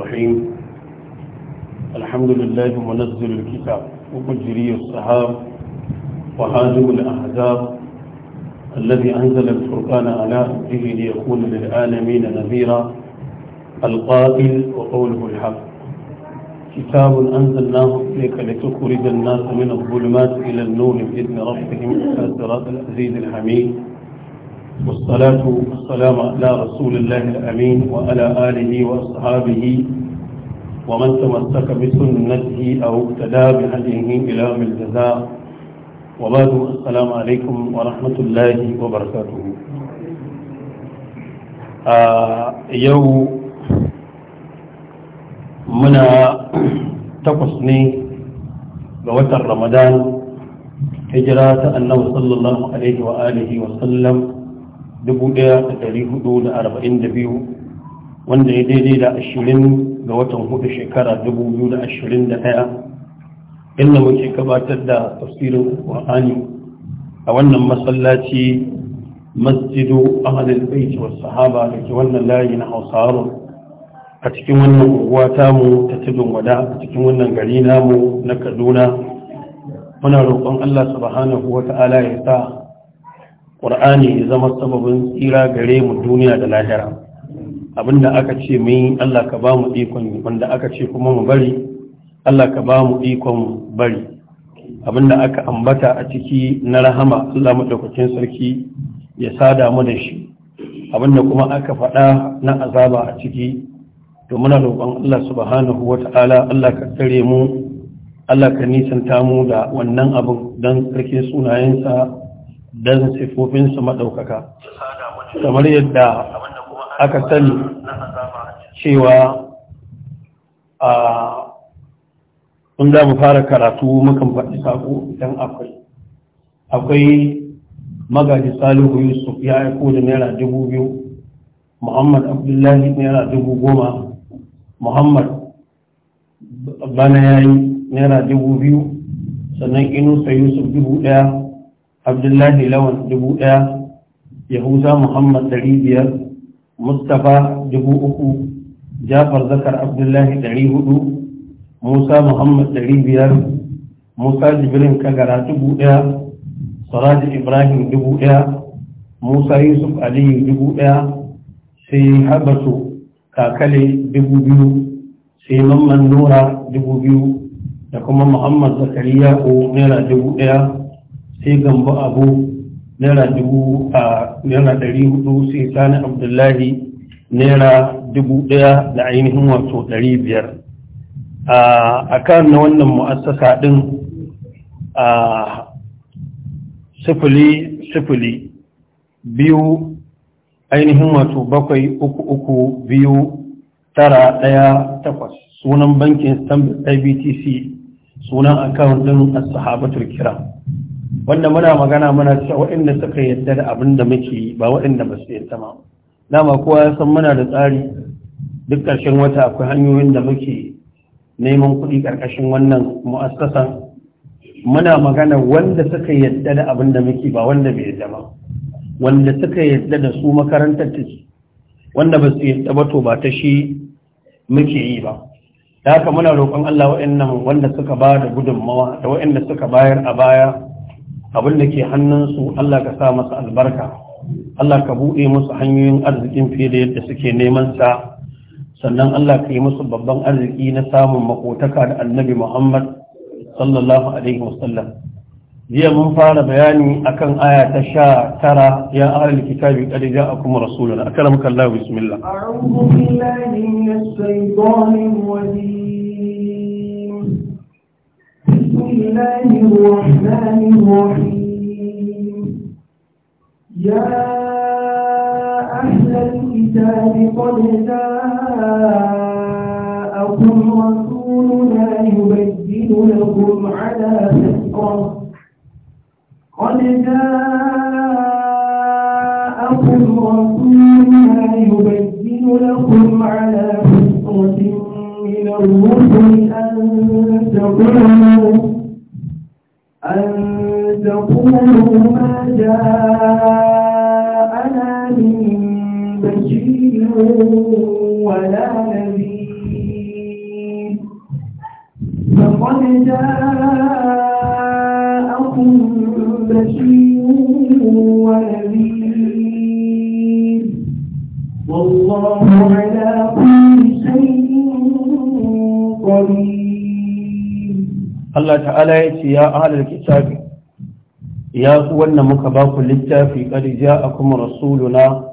الرحيم الحمد لله منزل الكتاب ومجري السحاب وهادم الأحزاب الذي أنزل الفرقان على عبده ليكون للعالمين نذيرا القائل وقوله الحق كتاب أنزلناه إليك لتخرج الناس من الظلمات إلى النور بإذن ربهم إلى صراط العزيز الحميد والصلاة والسلام على رسول الله الأمين وعلى آله وأصحابه ومن تمسك بسنته أو اقتدى بهديه إلى من الجزاء وبعد السلام عليكم ورحمة الله وبركاته آه يوم muna تقصني بوتر رمضان هجرات ramadan صلى الله عليه وآله وسلم 1442 wanda ya daidai da 20 ga watan hudu shekara 2021 inda muke gabatar da tafsirin ƙwa'ani a wannan masallaci masjidu ahalil baiti wa sahaba da ke wannan layi na hausarun a cikin wannan unguwa tamu ta tudun wada a cikin wannan gari namu na kaduna muna roƙon allah subhanahu wa ta'ala ya sa ƙur'ani ya zama sababin tsira gare mu duniya da lahira abinda aka ce mai Allah ka ba mu ikon wanda aka ce kuma mu bari Allah ka ba mu ikon bari abinda aka ambata a ciki na rahama Allah maɗaukacin sarki ya sada mu da shi abinda kuma aka faɗa na azaba a ciki to muna roƙon Allah subhanahu Ta'ala, Allah ka tsare mu Allah ka nisanta mu da wannan abin don sarkin sunayensa don siffofinsu maɗaukaka kamar yadda aka sani cewa a kun za mu fara karatu mukan faɗi saƙo idan akwai akwai magaji salihu yusuf ya aiko da naira dubu biyu muhammad abdullahi naira dubu goma muhammad bana ya yi naira dubu biyu sannan inusa yusuf dubu ɗaya abdullahi lawan dubu ɗaya yahuza muhammad ɗari biyar mustapha dubu uku jafar zakar abdullahi ɗari hudu musa muhammad ɗari biyar musa jibirin kagara dubu ɗaya saraji ibrahim dubu ɗaya musa yusuf aliyu dubu ɗaya sai habasu kakale dubu biyu sai mamman nura dubu biyu da kuma muhammad zakariya ko naira dubu ɗaya sai gambo abu naira dubu a naira ɗari hudu sai sani abdullahi naira dubu ɗaya da ainihin wato ɗari biyar a kan na wannan mu'assasa ɗin a sifili sifili biyu ainihin wato bakwai uku uku biyu tara ɗaya takwas sunan bankin stanbic ibtc sunan akawun ɗin a sahabatar kira wanda muna magana muna cewa waɗanda suka yadda da abin da muke ba waɗanda ba su yadda ma dama kowa ya san muna da tsari duk ƙarshen wata akwai hanyoyin da muke neman kuɗi ƙarƙashin wannan mu'assasan muna magana wanda suka yadda da abin da muke ba wanda bai yadda ba wanda suka yadda da su makarantar ta wanda ba su yadda ba to ba ta shi muke yi ba da haka muna roƙon Allah wa'annan wanda suka ba da gudunmawa da wa'anda suka bayar a baya abin da ke hannunsu Allah ka sa masa albarka Allah ka buɗe musu hanyoyin arzikin fiye da yadda suke neman sa sannan Allah ka yi musu babban arziki na samun makotaka da annabi Muhammad sallallahu alaihi wasallam jiya mun fara bayani akan aya ta sha tara ya ahlul kitabi qad ja'akum rasuluna akramaka Allah bismillah a'udhu billahi minash shaitanir rajim الله الرحمن الرحيم يا أهل الكتاب قد جاءكم رسولنا يبين لكم على فترة قد جاءكم رسولنا يبين لكم على فترة من الرسل أن تقولوا أن تقولوا ما جاءنا من بشير ولا نذير فقد جاءكم بشير ونذير والله على كل شيء قدير Allah ta'ala ya ce ya ahalar kitabi ya su wannan muka ba ku littafi ƙari a kuma rasuluna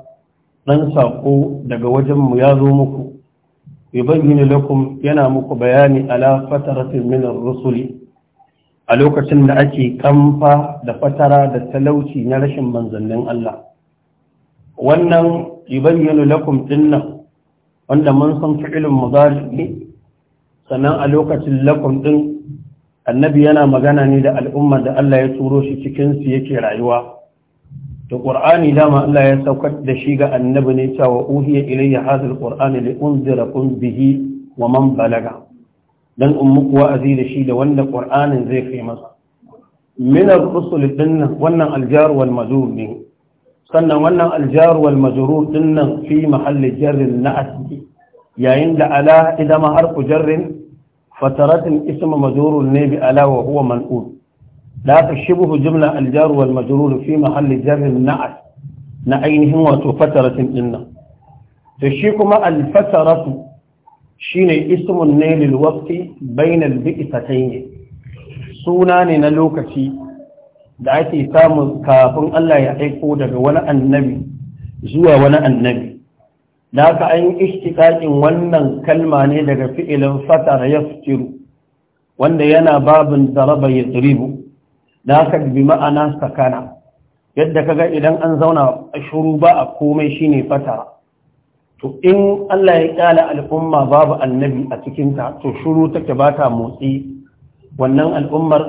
ɗan saƙo daga wajenmu ya zo muku yubayyinu lakum yana muku bayani ala fataratin min rusuli a lokacin da ake kamfa da fatara da talauci na rashin manzannin Allah wannan yubayyinu lakum dinnan wanda mun san fi'ilin mudari ne sannan a lokacin lakum din annabi yana magana ne da al'ummar da Allah ya turo shi cikin su yake rayuwa Da ƙur'ani dama Allah ya saukar da shi ga annabi ne cewa uhiya ilayya hadhal qur'ani li unzirakum bihi wa man balaga dan ummuku wa'azi da shi da wanda ƙur'anin zai kai masa min ar-rusul dinnan wannan aljar wal majrur ne sannan wannan aljar wal dinnan fi mahalli jarrin na'at yayin da ala idama harfu jarrin fataratin ismu majrurun ne bi ala wa huwa man'ul la tashbihu jumla al-jar wal majrur fi mahalli jar al na ainihin wato fataratin dinnan to shi kuma al-fataratu shine ismun ne lil waqti bayna al suna ne na lokaci da ake samu kafin Allah ya aiko daga wani annabi zuwa wani annabi da haka an ishtiƙaƙin wannan kalma ne daga fi'ilin fatar ya wanda yana babin zaraba ya tsiribu da haka bi ma'ana sakana yadda kaga idan an zauna a shuru ba a komai shine fatara to in Allah ya kyala al'umma babu annabi a cikinta to shuru take ba ta motsi wannan al'ummar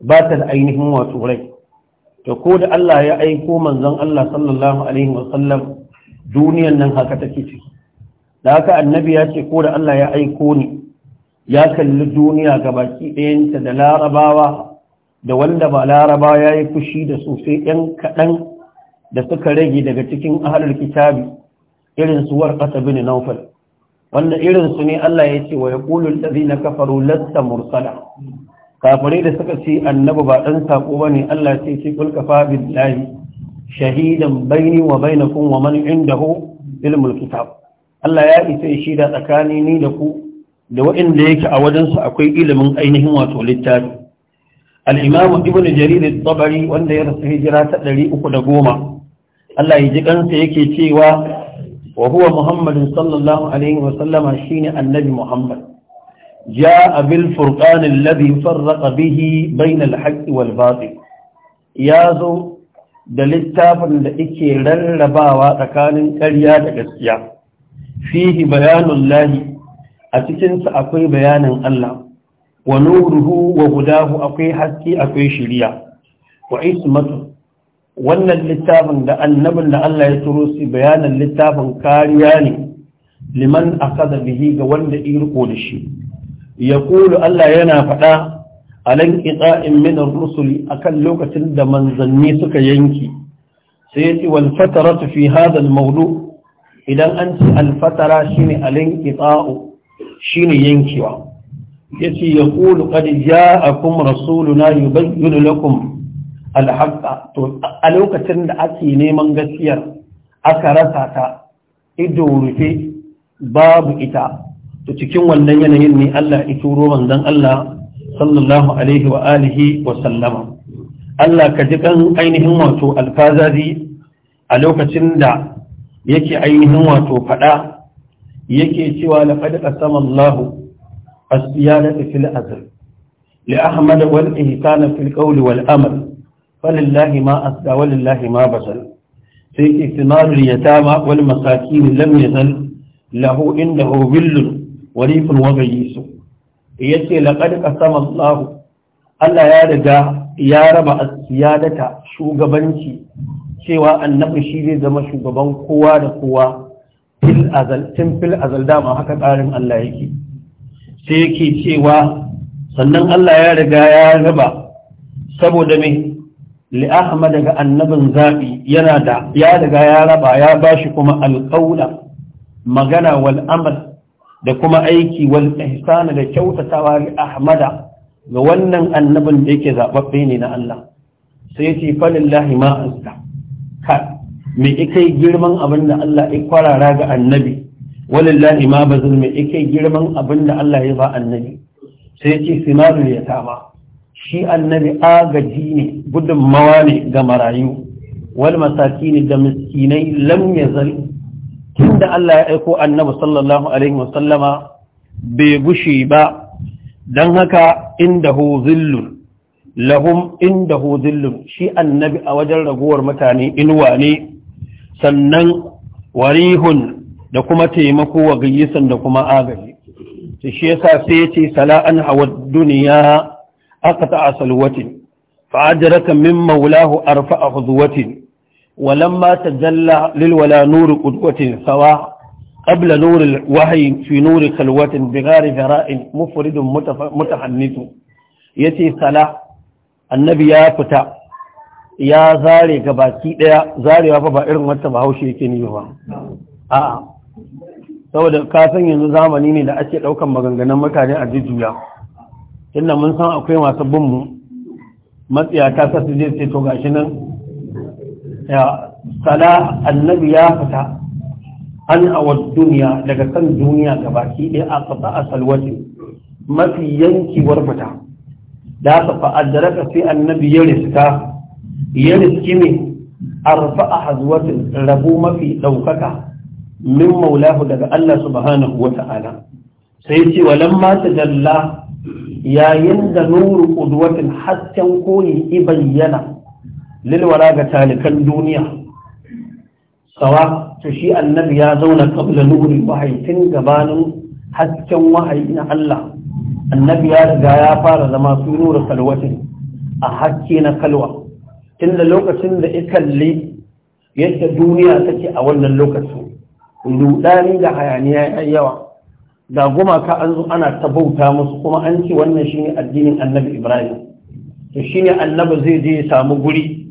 ba ta da ainihin wato rai to ko da Allah ya aiko manzon Allah sallallahu alaihi wasallam duniyan nan haka take ciki da haka annabi ya ce ko da Allah ya aiko ni ya kalli duniya ga baki ɗayanta da larabawa da wanda ba larabawa ya yi fushi da sosai ɗan kaɗan da suka rage daga cikin ahalar kitabi irin su warƙasa bin naufal wanda irin su ne Allah ya ce wa ya ƙulul ɗazi na kafaru lasta mursala kafirai da suka ce annabi ba ɗan saƙo ba ne Allah sai ce kulkafa lahi. shahidan baini wa bainakum wa man indahu ilmul kitab Allah ya isa shi da tsakani ni da ku da waɗanda yake a wajensu akwai ilimin ainihin wato littafi al-imam ibnu jarir at-tabari wanda ya rasu hijira ta 310 Allah ya ji kansa yake cewa wa huwa muhammadin sallallahu alaihi wa sallama shine annabi muhammad جاء بالفرقان الذي فرق به بين الحق والباطل Ya zo. da littafin da ike rarrabawa tsakanin ƙarya da gaskiya fihi bayanun lahi a cikinsa akwai bayanin Allah wa nuruhu wa hudahu akwai haske akwai shiriya wa ismatu wannan littafin da annabin da Allah ya turo su bayanin littafin kariya ne liman akada bihi ga wanda irko da shi ya kulu Allah yana faɗa alan in min ar-rusuli akan lokacin da manzanni suka yanki sai yace wal fataratu fi hadha idan an ci al-fatara shine alan itsa'u shine yankewa yace yaqulu qad ja'akum rasuluna yubayyinu lakum al to a lokacin da ake neman gaskiyar aka rasa ta ido rufe babu ita to cikin wannan yanayin ne Allah ya turo manzon Allah sallallahu alaihi wa alihi wa sallama Allah ka ji kan ainihin wato alfazazi a lokacin da yake ainihin wato faɗa yake cewa laqad qasama Allahu as-siyadata fil azl li Ahmad wal ihsan fil qawl wal amal falillahi ma asda walillahi ma basal sai ihtimalul yatama wal masakin lam yazal lahu indahu billun warifun wa gayisun yace laqad qasama Allah Allah ya riga ya raba asiyadata shugabanci cewa annabi shi zai zama shugaban kowa da kowa fil azal tun fil azal dama haka tsarin Allah yake sai yake cewa sannan Allah ya riga ya raba saboda me li daga annabin zabi yana da ya riga ya raba ya bashi kuma alqaula magana wal'amal da kuma aiki wal ihsana da kyautatawa li ahmada ga wannan annabin da yake zababbe ne na Allah sai yace lillahi ma azka ka me yake girman abin da Allah ya kwarara ga annabi walillahi ma bazul me yake girman abin da Allah ya ba annabi sai yace ya tama shi annabi agaji ne gudunmawa ne ga marayu wal masakin da miskinai lam yazal tun da Allah ya aiko annabi sallallahu alaihi wasallama bai gushi ba don haka inda hu zillun lahum inda hu zillun shi annabi a wajen raguwar mutane inuwa ne sannan warihun da kuma taimako wa gayyisan da kuma agaji ta shi yasa sai ce sala'an hawa duniya aka ta asalwatin fa'adaraka min maulahu a huzuwatin ولما تجلى للولا نور قدوة سواء قبل نور الوحي في نور خلوة بغار ذراء مفرد متحنث يتي صلاة النبي يا فتى ya zare ga baki daya zarewa fa ba irin wata bahaushe yake ni ba a'a saboda ka san yanzu zamani ne da ake daukan maganganun mutane a jujjuya tunda mun san akwai masu bin mu matsiya ta sasu je ce to gashi nan sala annabi ya fita an awar duniya daga kan duniya baki ɗaya a kafa a salwati mafi yankewar fita da aka fa'adaraka sai annabi ya riska ya riski ne a rufa a hazuwatin rabu mafi ɗaukaka min maulahu daga Allah subhanahu wa ta'ala sai ce walan mata jalla yayin da nuru ƙudwatin hasken koyi ibayyana lilwara ga talikan duniya sawa to shi annabi ya zauna kabla nuri wahayi tun gabanin hasken wahayi na Allah annabi ya riga ya fara zama su nura kalwatin a hakke na kalwa tun da lokacin da ya kalli yadda duniya take a wannan lokacin rudani da hayaniya yawa da gumaka an zo ana ta bauta musu kuma an ce wannan shine addinin annabi ibrahim to shine annabi zai je ya samu guri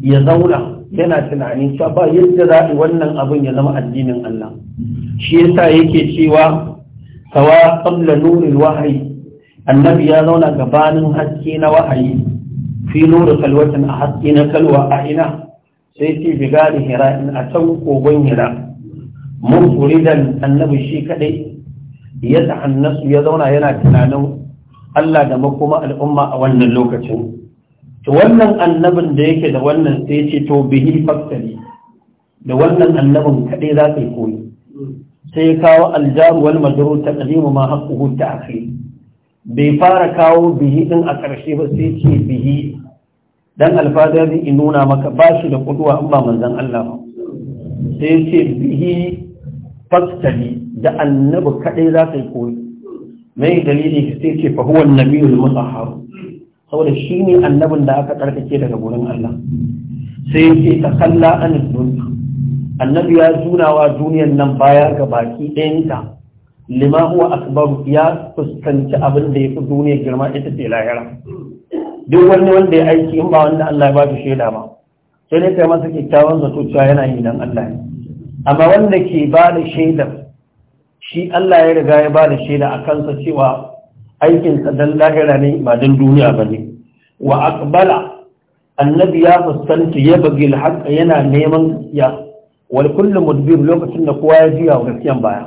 ya zauna yana tunani cewa ba yadda za a wannan abin ya zama addinin Allah shi yasa yake cewa sawa qabla nuril wahyi annabi ya zauna gabanin haske na wahayi fi nuru kalwatin a haske na kalwa a ina sai fi bigari hira in a can kogon hira murfuridan annabi shi kadai ya ta'annasu ya zauna yana tunanin Allah da makoma al'umma a wannan lokacin Da wannan annabin da yake da wannan sai ce to bihi faktari da wannan annabin kaɗai za ka yi koyi sai ya kawo aljaru wal majrur ta qadimu ma haqquhu ta akhir bai fara kawo bihi ɗin a ƙarshe ba sai ce bihi dan alfadar in nuna maka ba shi da ƙuduwa in ba manzon Allah ba sai ce bihi faktari da annabi kaɗai za ka yi koyi mai dalili sai ce fa huwa annabiyul mutahhar saboda shi ne annabin da aka karkace daga gurin Allah sai yake ta kalla an dunya annabi ya junawa duniyar nan baya ga baki ɗayanta lima huwa Asbab ya fuskanci abin da ya fi duniyar girma ita ce lahira duk wani wanda ya aiki in ba wanda Allah ya ba shi shaida ba sai dai kai masa kyakkyawan zato cewa yana yi dan Allah ne amma wanda ke ba da shaidar shi Allah ya riga ya ba da shaida a kansa cewa aikinsa don lahira ne ba don duniya ba ne wa akbala annabi ya fuskanta ya bagi alhaqa yana neman gaskiya wal kullu mudbir lokacin da kowa ya juya wa gaskiyan baya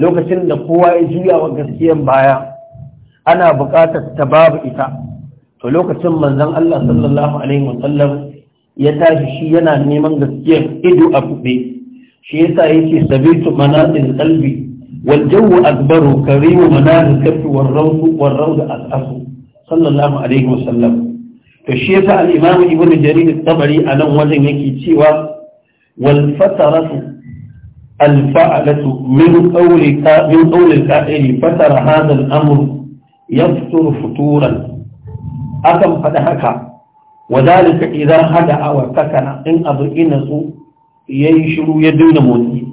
lokacin da kowa ya juya wa gaskiyan baya ana buƙatar ta babu ita to lokacin manzon Allah sallallahu alaihi sallam ya tashi shi yana neman gaskiyan ido a buɗe shi yasa yake sabitu manatil qalbi والجو أكبر كريم مناه الكف والروض والروض أكثر صلى الله عليه وسلم فالشيخ الإمام ابن جرير الطبري أنا وزن يكي سوى والفترة الفعلة من قول من قول القائل فتر هذا الأمر يفتر فتورا أكم فدهك وذلك إذا هدأ وسكن إن أبو إنس ينشر يدون موتي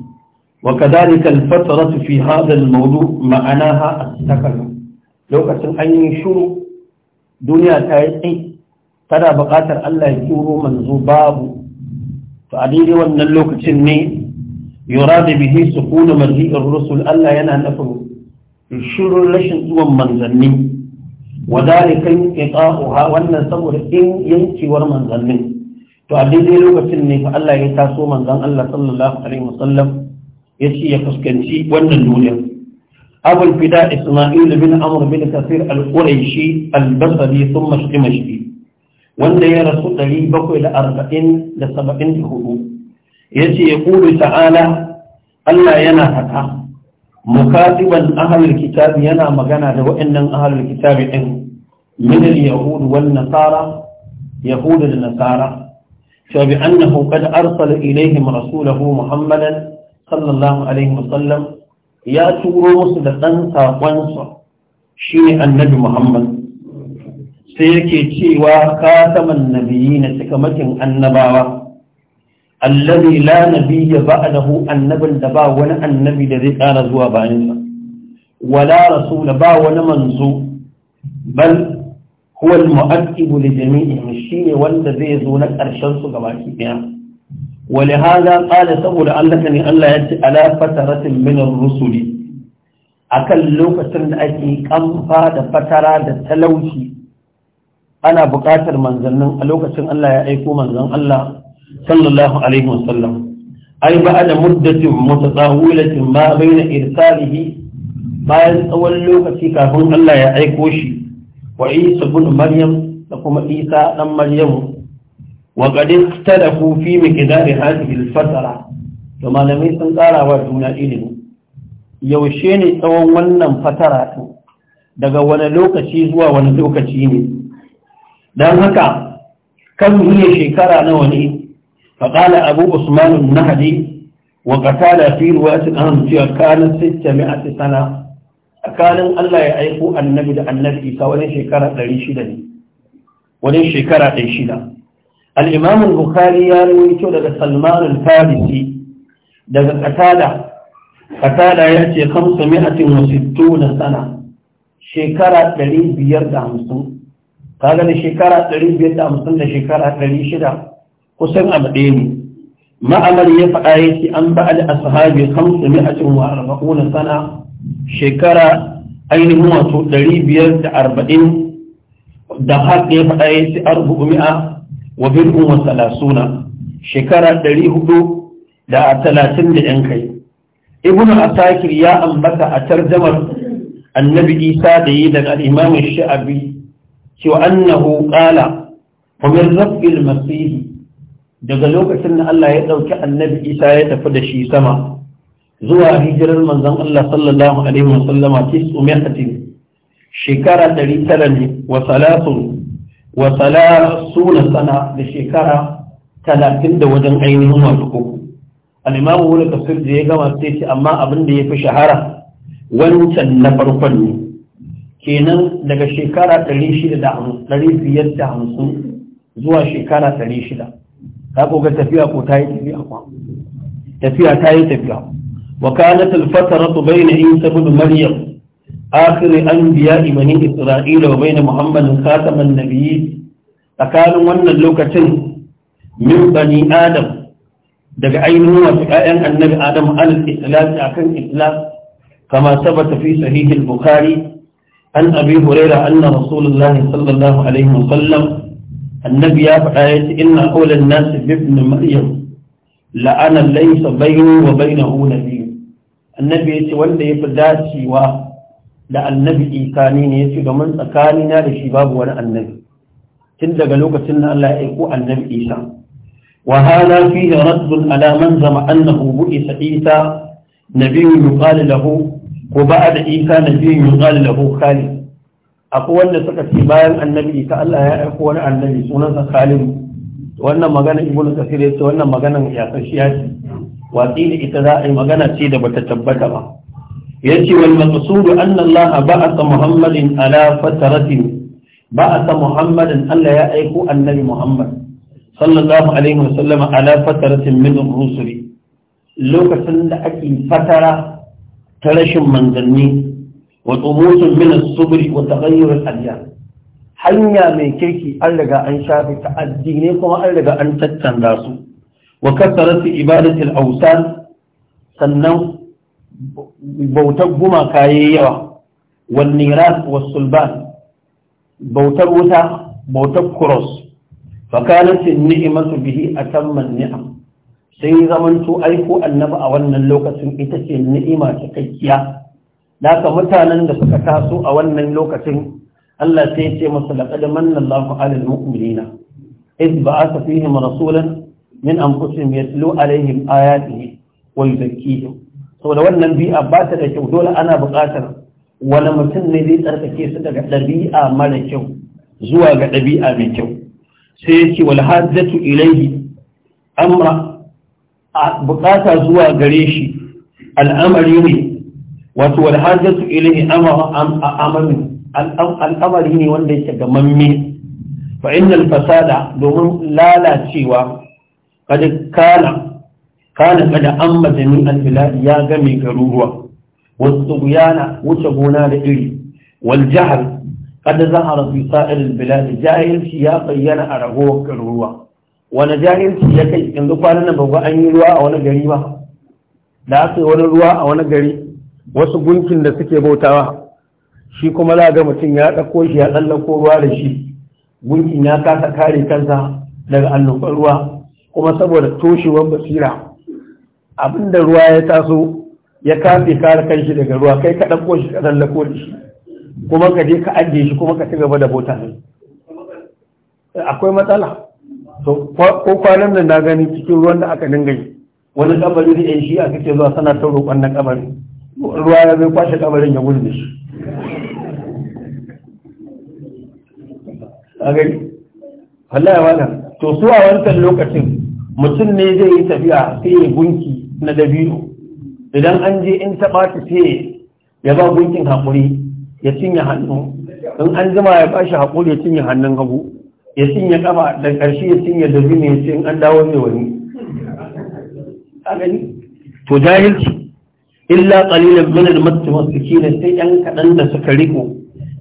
وكذلك الفترة في هذا الموضوع معناها التكلم لو أتم أن ينشروا دنيا تايقي ترى بقاتر الله يجوروا من زباب فعليل وأن اللوك تنمي يراد به سكون مجيء الرسل الله ينهنفه يشير لشن سوى منزلني وذلك انقطاعها وأن صبر إن ينكي ورمن ظنين فعليل لوك تنمي فالله يتاسو من ظن الله صلى الله عليه وسلم ya ce ya fuskanci wannan duniya abul fida isma'il bin amr bin kasir al-quraishi al-basri thumma dimashqi wanda ya rasu 744 yace ya kulu ta'ala Allah yana fata mukatiban ahlul kitab yana magana da wa'annan ahlul kitab din min al-yahud wal nasara yahud da nasara fa bi annahu qad arsala ilayhim rasulahu muhammadan sallallahu alaihi wasallam ya turo musu da ɗan saƙonsa shi ne annabi muhammad sai yake cewa kataman nabiyi na cikamakin annabawa allazi la ba ba'dahu annabin da ba wani annabi da zai ƙara zuwa bayansa wala rasula ba wani manzo bal huwa al-mu'aqqib li shi shine wanda zai zo na ƙarshen su gabaki ɗaya wale haza kala saboda allaka allah ya ce ala fataratin minar rusuli a kan lokacin da ake kamfa da fatara da talauci ana buƙatar manzannin a lokacin allah ya aiko manzan allah sallallahu alaihi wasallam ai ba da muddatin mutatsahulatin ba bai na irsalihi bayan tsawon lokaci kafin allah ya aiko shi wa isa bin maryam da kuma isa ɗan maryam wa qadin tadafu fi miqdari hadhihi al-fasara to malamai sun tsara wa juna ilimi yaushe ne tsawon wannan fatara to daga wani lokaci zuwa wani lokaci ne dan haka kan ne shekara nawa ne فقال أبو عثمان النهدي وقتال في رواية الأهم كانت ستمائة سنة كان الله يعيق Annabi عن النبي سواء شكرة لريشدني ولن شكرة لريشدني الإمام البخاري يروي شو سلمان الفارسي daga katada katada ya ce kamsa mi'atin wasittu na sana shekara 550 kaga da shekara da shekara 600 kusan abu ɗaya ne ya faɗa ya ce an ba al'asahabi kamsa mi'atin wa arba'u sana shekara 540 da haka ya faɗa ya ce mi'a wa bin umar salasuna shekara ɗari hudu da talatin da ‘yan kai ibnu asakir ya ambata a tarjamar annabi isa da yi daga imamin sha'abi cewa annahu qala wa min rabbil masih daga lokacin da Allah ya dauki annabi Isa ya tafi da shi sama zuwa hijirar manzon Allah sallallahu alaihi wasallam tis'umiyatin shekara 900 ne wa wa suna sana da shekara talatin da wajen ainihin wasu uku al'imamu wani tafsir da ya gama sai ce amma abin da ya fi shahara wancan na farkon ne kenan daga shekara hamsin zuwa shekara 600 ka ga tafiya ko ta yi tafiya kwa tafiya ta yi tafiya wa kanat al-fatratu bayna isa ibn maryam آخر أنبياء بني إسرائيل وبين محمد خاتم النبي tsakanin wannan lokacin min bani adam daga ainihin wasu 'ya'yan annabi adam al islam akan islam kama sabata fi sahih al bukhari an abi hurairah anna rasulullah sallallahu alaihi wa sallam annabi ya faɗa yace inna awla an-nas bi ibn maryam la'ana laysa bayni wa baynahu annabi wanda yafi dacewa da annabi isa ne ne yace domin tsakanina da shi babu wani annabi tun daga lokacin da Allah ya aiko annabi isa wa hada fihi raddun ala man zama annahu bu'isa isa nabiyyu yuqalu lahu ko ba'da isa nabiyyu yuqalu lahu khalid akwai wanda suka ce bayan annabi isa Allah ya aiko wani annabi sunansa khalid wannan magana ibnu kasir yace wannan maganan ya san ya ce. watsi da ita za a yi magana ce da bata tabbata ba yace wal maqsud anna Allah ba'atha Muhammadin ala fatratin ba'atha Muhammadan Allah ya aiko annabi Muhammad sallallahu alaihi wasallam ala fatratin min rusuli lokacin da ake fatara ta rashin manzanni wa tsumutun min as-subri wa taghayyur al-adyar hanya mai kirki an riga an shafi ta addini kuma an riga an tattanda su wa kasaratu ibadatul awsan sannan bautar gumaka yayi yawa wal niras was sulban bautar wuta bautar kuros fakalacin kanat ni'matu bihi atamman ni'am sai zamanto aiko annaba a wannan lokacin ita ce ni'ima cikakkiya Daka mutanen da suka taso a wannan lokacin Allah ta yi ce masa laqad manna Allahu 'alal mu'minina إذ بعث فيهم رسولا من أنفسهم يتلو عليهم آياته ويزكيهم da wannan bi'a ba ta da kyau dole ana buƙatar wani mutum ne zai tsarkake su daga ɗabi'a mara kyau zuwa ga ɗabi'a mai kyau sai yake wal hajjatu ilayhi amma. a buƙata zuwa gare shi al'amari ne wato wal hajjatu ilayhi amra amami al'amari ne wanda yake gamamme fa innal fasada domin lalacewa kad kana kana kada da majanin al-biladi ya ga mai garuruwa ruwa wasu guyana wuce gona da iri wal jahal kada za a sa'ir al-biladi jahilci ya bayyana a ragowar garuruwa ruwa wani jahilci ya kai yanzu kwanan nan babu an yi ruwa a wani gari ba da aka yi wani ruwa a wani gari wasu gunkin da suke bautawa shi kuma za ga mutum ya ɗauko shi ya tsallako ruwa da shi gunkin ya kasa kare kansa daga annoban ruwa kuma saboda toshewar basira abinda ruwa ya taso ya kafe kare kanshi daga ruwa kai ka ɗauko shi ka lallako da shi kuma ka je ka ajiye shi kuma ka ci gaba da bota ne akwai matsala ko kwanan nan na gani cikin ruwan da aka dinga yi wani kabari da yan shi'a kake zuwa sana ta roƙon na kabari ruwa ya zai kwashe kabarin ya gudu da shi a gani wallahi wala to su a wancan lokacin mutum ne zai yi tafiya sai ya gunki na dabino idan an je in taɓa ta sai ya ba gunkin haƙuri ya cinye hannu in an zama ya ba shi haƙuri ya cinye hannun hagu ya cinye ƙafa da ƙarshe ya cinye dabino ya ce in an dawo mai wani to jahilci illa qalilan min al-muttamassikin sai yan kaɗan da suka riko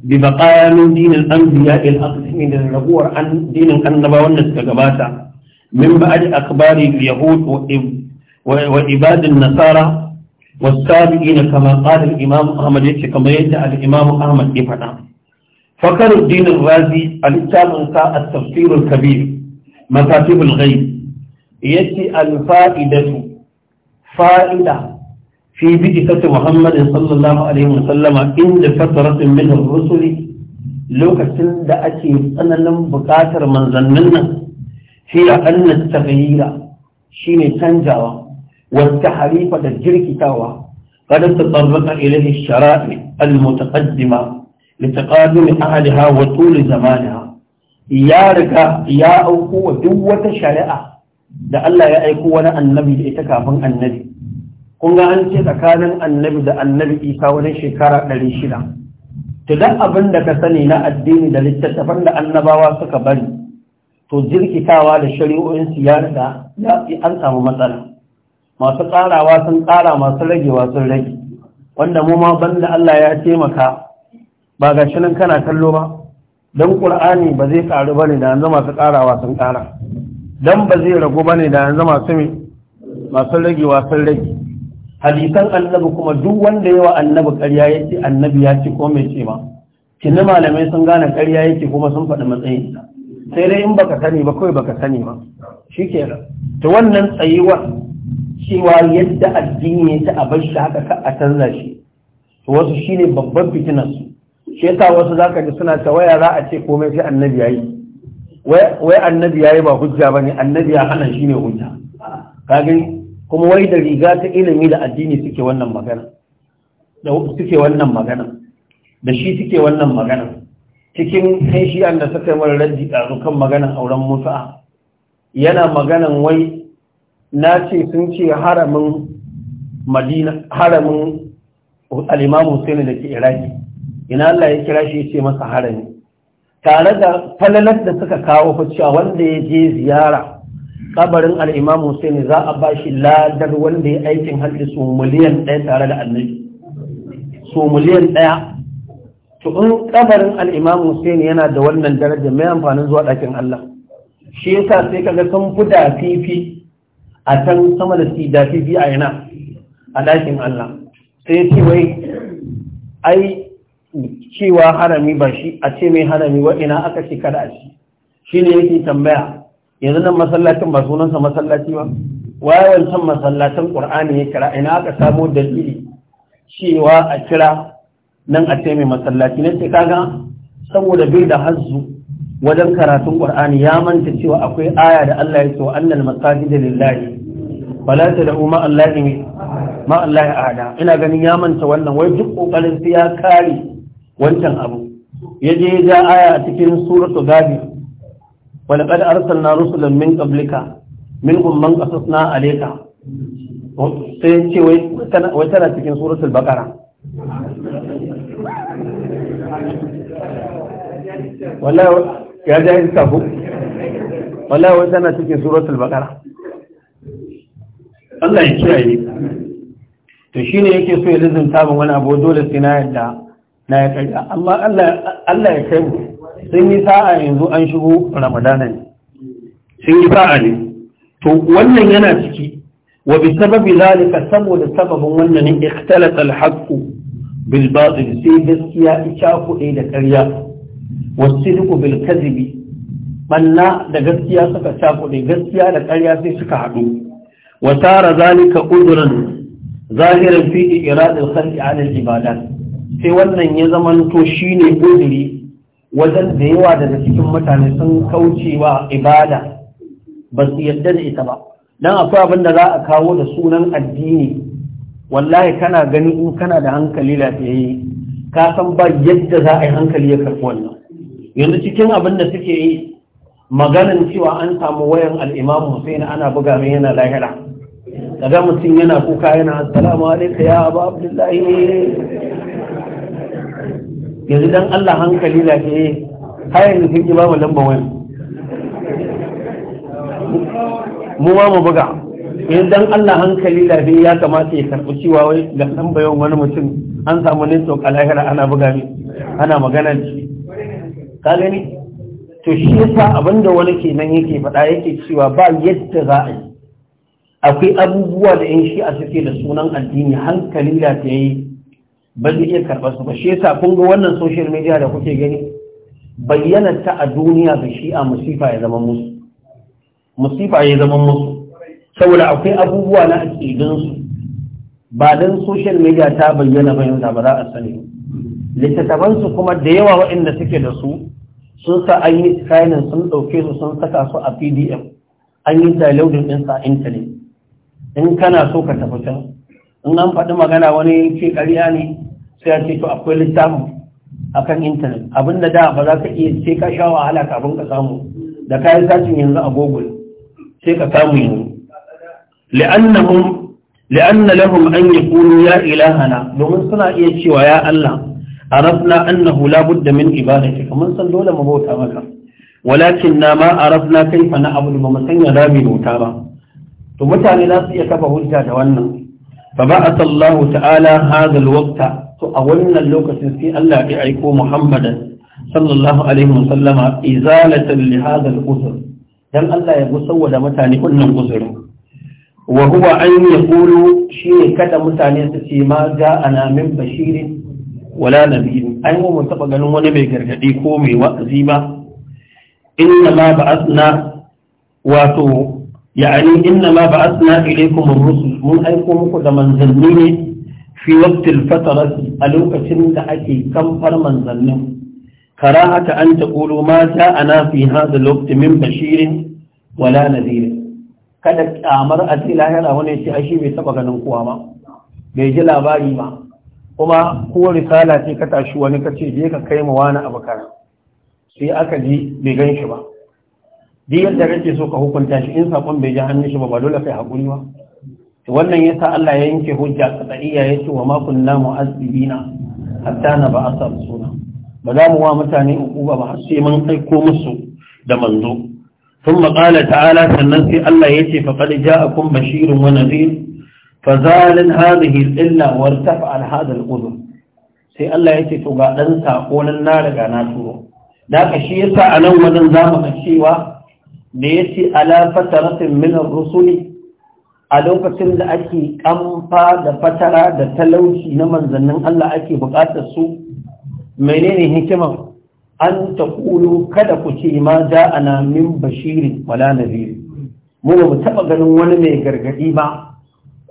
bi baqaya min din al-anbiya al-aqsami da rabuwar an dinin annabawan da suka gabata min ba'd akbari yahud wa وعباد النصارى والسابقين كما قال الإمام أحمد يتي كما يتي الإمام أحمد يفعل فكر الدين الرازي الإسلام التفسير الكبير مكاتب الغيب يتي الفائدة فائدة في بئسة محمد صلى الله عليه وسلم عند فترة من الرسل lokacin da ake tsananin buƙatar manzannin nan shi a annas taghira shine canjawa wata harifa da jirkitawa قد تطرق إليه الشرائع المتقدمة لتقادم أهلها ya riga, ya auku, wa أوكو wata shari'a da Allah ya aiko wani annabi da ita kafin annabi kun ga an ce tsakanin annabi da annabi isa wani shekara ɗari shida to duk abin da ka sani na addini da littattafan da annabawa suka bari to jirkitawa da shari'o'insu ya riga an samu matsala masu ƙarawa sun ƙara masu ragewa sun rage wanda mu ma banda Allah ya taimaka ba ga shi nan kana kallo ba don ƙur'ani ba zai ƙaru ba ne da yanzu masu ƙarawa sun ƙara don ba zai ragu ba ne da yanzu masu mai masu ragewa sun rage hadisan annabi kuma duk wanda yawa annabi ƙarya ya ce annabi ya ce ko mai ce ba kinni malamai sun gane ƙarya yake kuma sun faɗi matsayin sai dai in baka sani ba kawai baka sani ba ke ta wannan tsayuwar cewa yadda addini ya ta abar shi haka ka a canza shi wasu shine babban fitinar su shi yasa wasu zaka ji suna ta waya za a ce komai sai annabi yayi wai annabi yayi ba hujja bane annabi ya hana shine hujja Ka gani kuma wai da riga ta ilimi da addini suke wannan magana da suke wannan magana da shi suke wannan magana cikin kai shi da suka yi mara raddi ɗazu kan maganan auren musa yana maganan wai na ce sun ce haramin madina haramin al'imamu da ke iraki ina Allah ya kira shi ya ce masa harami tare da falalar da suka kawo fa wanda ya je ziyara kabarin al'imam Hussein za a ba shi ladar wanda ya aikin hajji su miliyan ɗaya tare da annabi su miliyan ɗaya to in kabarin al'imam Hussein yana da wannan daraja mai amfanin zuwa ɗakin Allah shi yasa sai kaga sun fi da fifi a can sama da su biyu a yana a ɗakin Allah sai ce wai ai cewa harami ba shi a ce mai harami wa ina aka ce kada a shi shi ne yake tambaya yanzu nan masallacin ba sunansa masallaci ba wayan san masallacin ƙur'ani ya kira ina aka samo dalili cewa a kira nan a ce mai masallaci na ce kaga saboda bai da hazzu wajen karatun ƙur'ani ya manta cewa akwai aya da Allah ya ce wa annal da lillahi wala ta da'u ma Allah ne ma Allah ya ina ganin ya manta wannan wai duk kokarin sai ya kare wancan abu ya je ya aya a cikin suratu gadi wala qad arsalna rusulan min qablika min man qasasna alayka sai ce wai wai tana cikin suratul baqara wallahi ya jahilta wallahi wai tana cikin suratul baqara Allah ya kiyaye to shine yake so ya lizinta min wani abu dole sai na yadda na ya kai amma Allah ya kai sun yi sa'a yanzu an shigo Ramadana ne sun yi sa'a ne to wannan yana ciki wa bi sababi zalika saboda sababin wannan ne ikhtalata al-haqq bil batil sai gaskiya ita kuɗe da ƙarya wasidqu bil kadhibi banna da gaskiya suka cakuɗe gaskiya da ƙarya sai suka haɗu وصار ذلك قدرا ظاهرا في إرادة الخلق على العبادات sai wannan ya zamanto shi ne guduri wajen da yawa daga cikin mutane sun kaucewa ibada ba su yadda da ita ba don akwai abin da za a kawo da sunan addini wallahi kana gani in kana da hankali lafiyayye ka san ba yadda za a yi hankali ya karɓi wannan yanzu cikin abin da suke yi maganin cewa an samu wayan al'imamu Hussein ana buga mai yana lahira kaga mutum yana kuka yana assalamu alaikum ya abu abdullahi yanzu dan Allah hankali da ke hayan sun ki ba mu lamba wani mu ma mu buga yanzu dan Allah hankali da ya kamata ya karɓi cewa wai ga lamba yawan wani mutum an samu nesa a kalahira ana buga ne ana magana ne ka gani to shi yasa abinda wani kenan yake faɗa yake cewa ba yadda za a yi akwai abubuwa da yan shi'a suke da sunan addini hankali da ta yi ba zai iya karɓar su ba shi yasa kun ga wannan social media da kuke gani bayyana ta a duniya ga shi'a musifa ya zama musu musifa ya zama musu saboda akwai abubuwa na aƙidinsu ba don social media ta bayyana bayyana ba za a sani littattafansu kuma da yawa waɗanda suke da su sun sa an yi skyline sun ɗauke su sun saka su a pdf an yi downloading ɗinsa a intanet in kana so ka tafi can in an faɗi magana wani ce ƙarya ne sai ya ce to akwai littafin kan intanet abin da da ba za ka iya sai ka sha wahala kafin ka samu da kayan sacin yanzu a google sai ka samu yanzu li'annahum li'anna lahum an yaqulu ya ilahana domin suna iya cewa ya Allah عرفنا أنه لا بد من عبادتك من صلوا لما بوتا مكا ولكننا ما عرفنا كيف نعبد وما سنيا لا to mutane za su iya kafa hujja da wannan fa ba'atha Allah ta'ala hadha al to a wannan lokacin sai Allah ya aiko Muhammadan sallallahu alaihi wa sallama izalatan li hadha al-usr dan Allah ya gusawwa da mutane wannan usurin wa huwa an yaqulu shi ne kada mutane su ce ma ja'ana min bashirin wala nabiyin ai mu mun taba ganin wani mai gargadi ko mai wa'azi ba inna ma ba'athna wato يعني إنما بعثنا إليكم الرسل من أيكم قد منزلين في وقت الفترة ألوكة لأتي كم فرمنزلين كراهة أن تقولوا ما جاءنا في هذا الوقت من بشير ولا نذير kada kyamar a ce lahira wani ce ai shi bai taba ganin kowa ba bai ji labari ba kuma ko risala ce ka tashi wani ka ce je ka kai ma wani abu sai aka ji bai gan shi ba din da rake so ka hukunta shi in sakon bai ji hannu shi ba ba dole kai hakuri ba wannan ya sa Allah ya yanke hujja ta tsariya ya ce wa makon namu azibina hatta na a sa suna ba za mu wa mutane uku ba ba sai mun kai ko musu da manzo sun maƙala ta'ala sannan sai Allah ya ce faɗa ja a kun bashirin wani zai fazalin hadhihi illa wa tafa al hadal sai Allah ya ce to ga dan sako nan na riga na da ka shi yasa anan wajen zamu ga da ya ce ala fataratin minar rusuli a lokacin da ake kamfa da fatara da talauci na manzannin Allah ake bukatar su menene hikimar an ta kulu kada ku ce ma za ana min bashirin wala biyu. mu ba mu taɓa ganin wani mai gargaɗi ba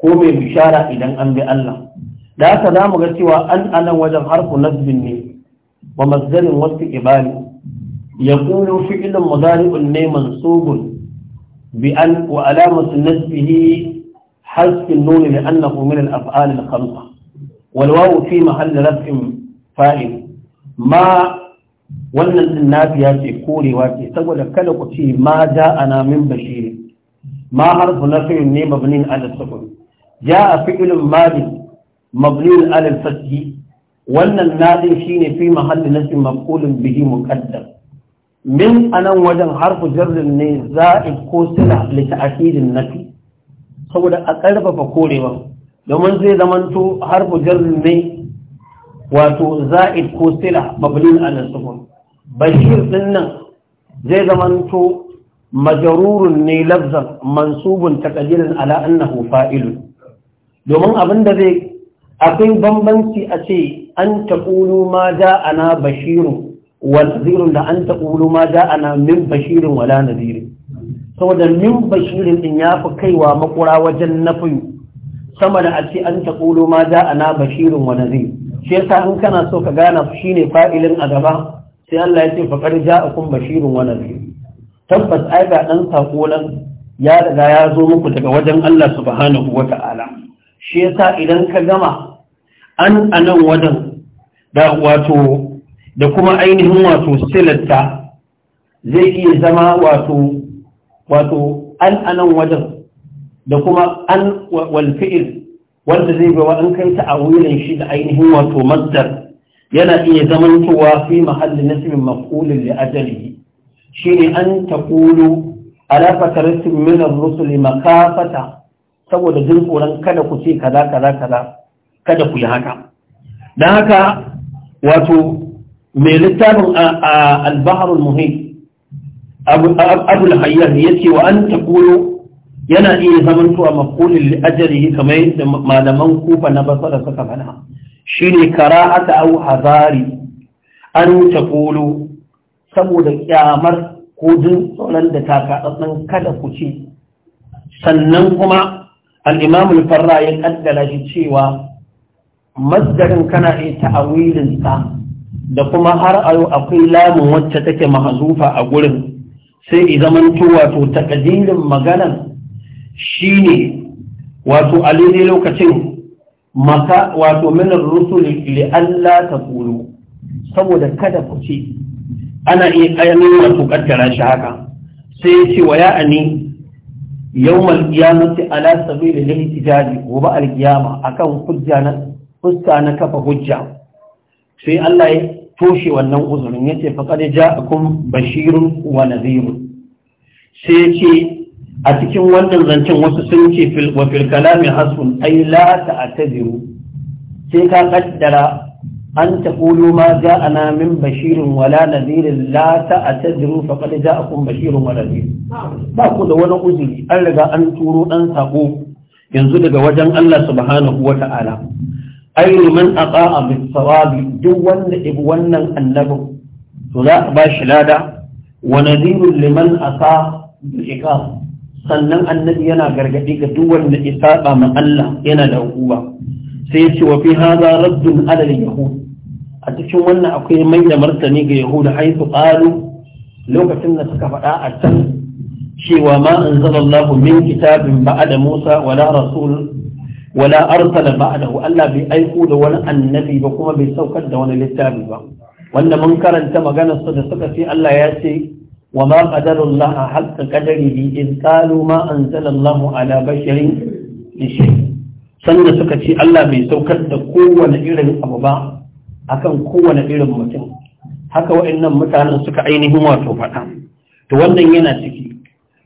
ko mai bishara idan an bi Allah da haka za mu ga cewa an anan wajen harfu nasbin ne ba mazdarin wasu ibali يقول فعل مضارع ne منصوب بأن وعلامة نسبه حذف النون لأنه من الأفعال الخمسة والواو في محل رفع فاعل ما wannan din nafiya ce korewa ce saboda kada ku ce ma ja ana min bashiri ma harfu na fi'il ne mabnin ala sukun ja a fi'ilin madi mabnin ala fathi wannan nadin shine fi mahalli nasbi maf'ulun bihi muqaddam min anan wajen harfu jarrin ne za'id ko sila li ta'kidin nafi saboda a ƙarfafa korewa domin zai zamanto harfu jarrin ne wato za'id ko sila mabnin ala sukun bashir din nan zai zamanto majarurun ne lafzan mansubun taqdirin ala annahu fa'ilun domin abinda zai akwai bambanci a ce an taqulu ma ja'ana bashirun والنذير لأن تقولوا ما جاءنا من بشير ولا نذير saboda min bashirin din ya fi kaiwa makura wajen nafi sama da a ce an ta ƙulo ma za a na bashirin wa nazir shi yasa in kana so ka gana shi ne fa'ilin a gaba sai Allah ya ce faƙar ja a kun bashirin wa nazir tabbas ai ga ɗan saƙo nan ya riga ya zo muku daga wajen Allah subhanahu wa ta'ala shi yasa idan ka gama an anan wajen da wato da kuma ainihin wato silarta zai iya zama wato al'anan wajen da kuma an walfi'il wanda zai bai an kai ta a wilin shi da ainihin wato mazdar yana iya zamantowa fi mahalli nasibin maf'ulin li ajali ne an taqulu ala fataratin min ar makafata saboda jin tsoron kada ku ce kaza kaza kaza kada ku yi haka dan haka wato mai littafin al-baharul muhim abu al-hayyar wa an taqulu yana iya zamantowa maqulin li ajrihi kamar yadda malaman kufa na basara suka faɗa shine kara'ata aw hazari an taqulu saboda kyamar ko jin tsoron da ta kaɗaɗɗen kada ku ce sannan kuma al farra ya ƙaddara shi cewa masdarin kana iya ta'awilin sa da kuma har ayo akwai lamun wacce take mahazufa a gurin sai izaman wato takadirin maganan shine wato a lokacin maka wato minar rusuli li Allah ta kulu saboda kada ku ce ana iya kayanin wato kaddara shi haka sai ce wa ya'ani yawmal qiyamati ala sabili lil ihtijaji wa ba al qiyama akan hujja na fuska na kafa hujja sai Allah ya toshe wannan uzurin ya ce faƙar ja'akum bashirun wa nadhirun sai ya ce a cikin wannan zancen wasu sun ce wa fil kalami hasbun Ai la ta'tadiru sai ka kaddara an taqulu ma ja'ana min bashirin wa la nadhirin la ta'tadiru faqad ja'akum bashirun wa nadhir ba ku da wani uzuri an riga an turo dan saƙo. yanzu daga wajen Allah subhanahu ta'ala. Ai man aqa'a bis sawabi duk wanda ibi wannan annabin to za a shi lada wa nadirul liman asa bil iqam sannan annabi yana gargadi ga duk wanda ya saba ma Allah yana da hukuma sai ya ce wa fi hadha raddun yahud a cikin wannan akwai mai da martani ga yahuda haifu qalu lokacin da suka faɗa a can cewa ma anzalallahu min kitabin ba'ada Musa wala rasul wala arsala ba'dahu Allah bai aiko da wani annabi ba kuma bai saukar da wani littafi ba wanda mun karanta maganar su da suka ce Allah ya ce wa ma qadarullaha haqqa qadarihi in qalu ma anzalallahu ala basharin min sanda suka ce Allah bai saukar da kowane irin abu ba akan kowane irin mutum haka wa'annan mutanen suka ainihin wato faɗa to wannan yana ciki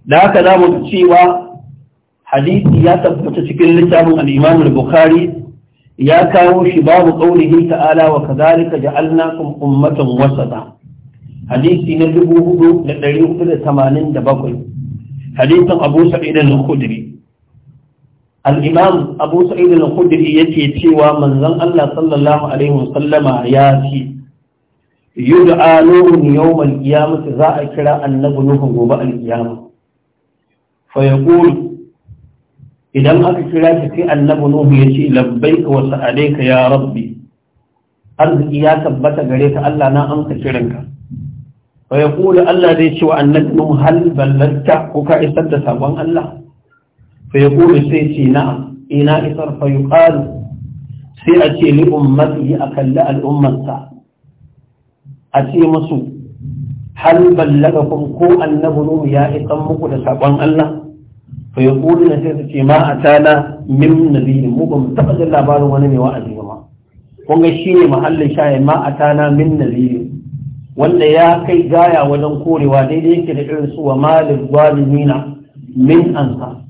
da haka za mu cewa hadisi ya tabbata cikin littafin al-Imam al-Bukhari ya kawo shi babu qaulihi ta'ala wa kadhalika ja'alnakum ummatan wasata hadisi na 4487 hadisin Abu Sa'id al-Khudri al-Imam Abu Sa'id al-Khudri yake cewa manzon Allah sallallahu alaihi wasallama ya ce yud'a nuhun yawmal qiyamati za a kira annabi nuhun gobe al-qiyama fa yaqulu idan aka kira shi sai annabi nuhu ya ce labbaika wasu sa'alaika ya rabbi arziki ya tabbata gare ka Allah na amsa kiranka wa yaqulu Allah zai ce wa annabi nuhu hal ballatta ko ka isar da sabon Allah fa ya yaqulu sai ce na, ina isar fa yuqalu sai a ce li ummati akalla al ummata a ce musu hal ballagakum ko annabi nuhu ya isar muku da sabon Allah fa na sai suke ma atana min nadirin mu ba mu taba jin labarin wani mai wa'azi ba kun ga shine mahallin shaye ma atana min nadirin wanda ya kai gaya wajen korewa daidai yake da irin su wa malil zalimina min ansa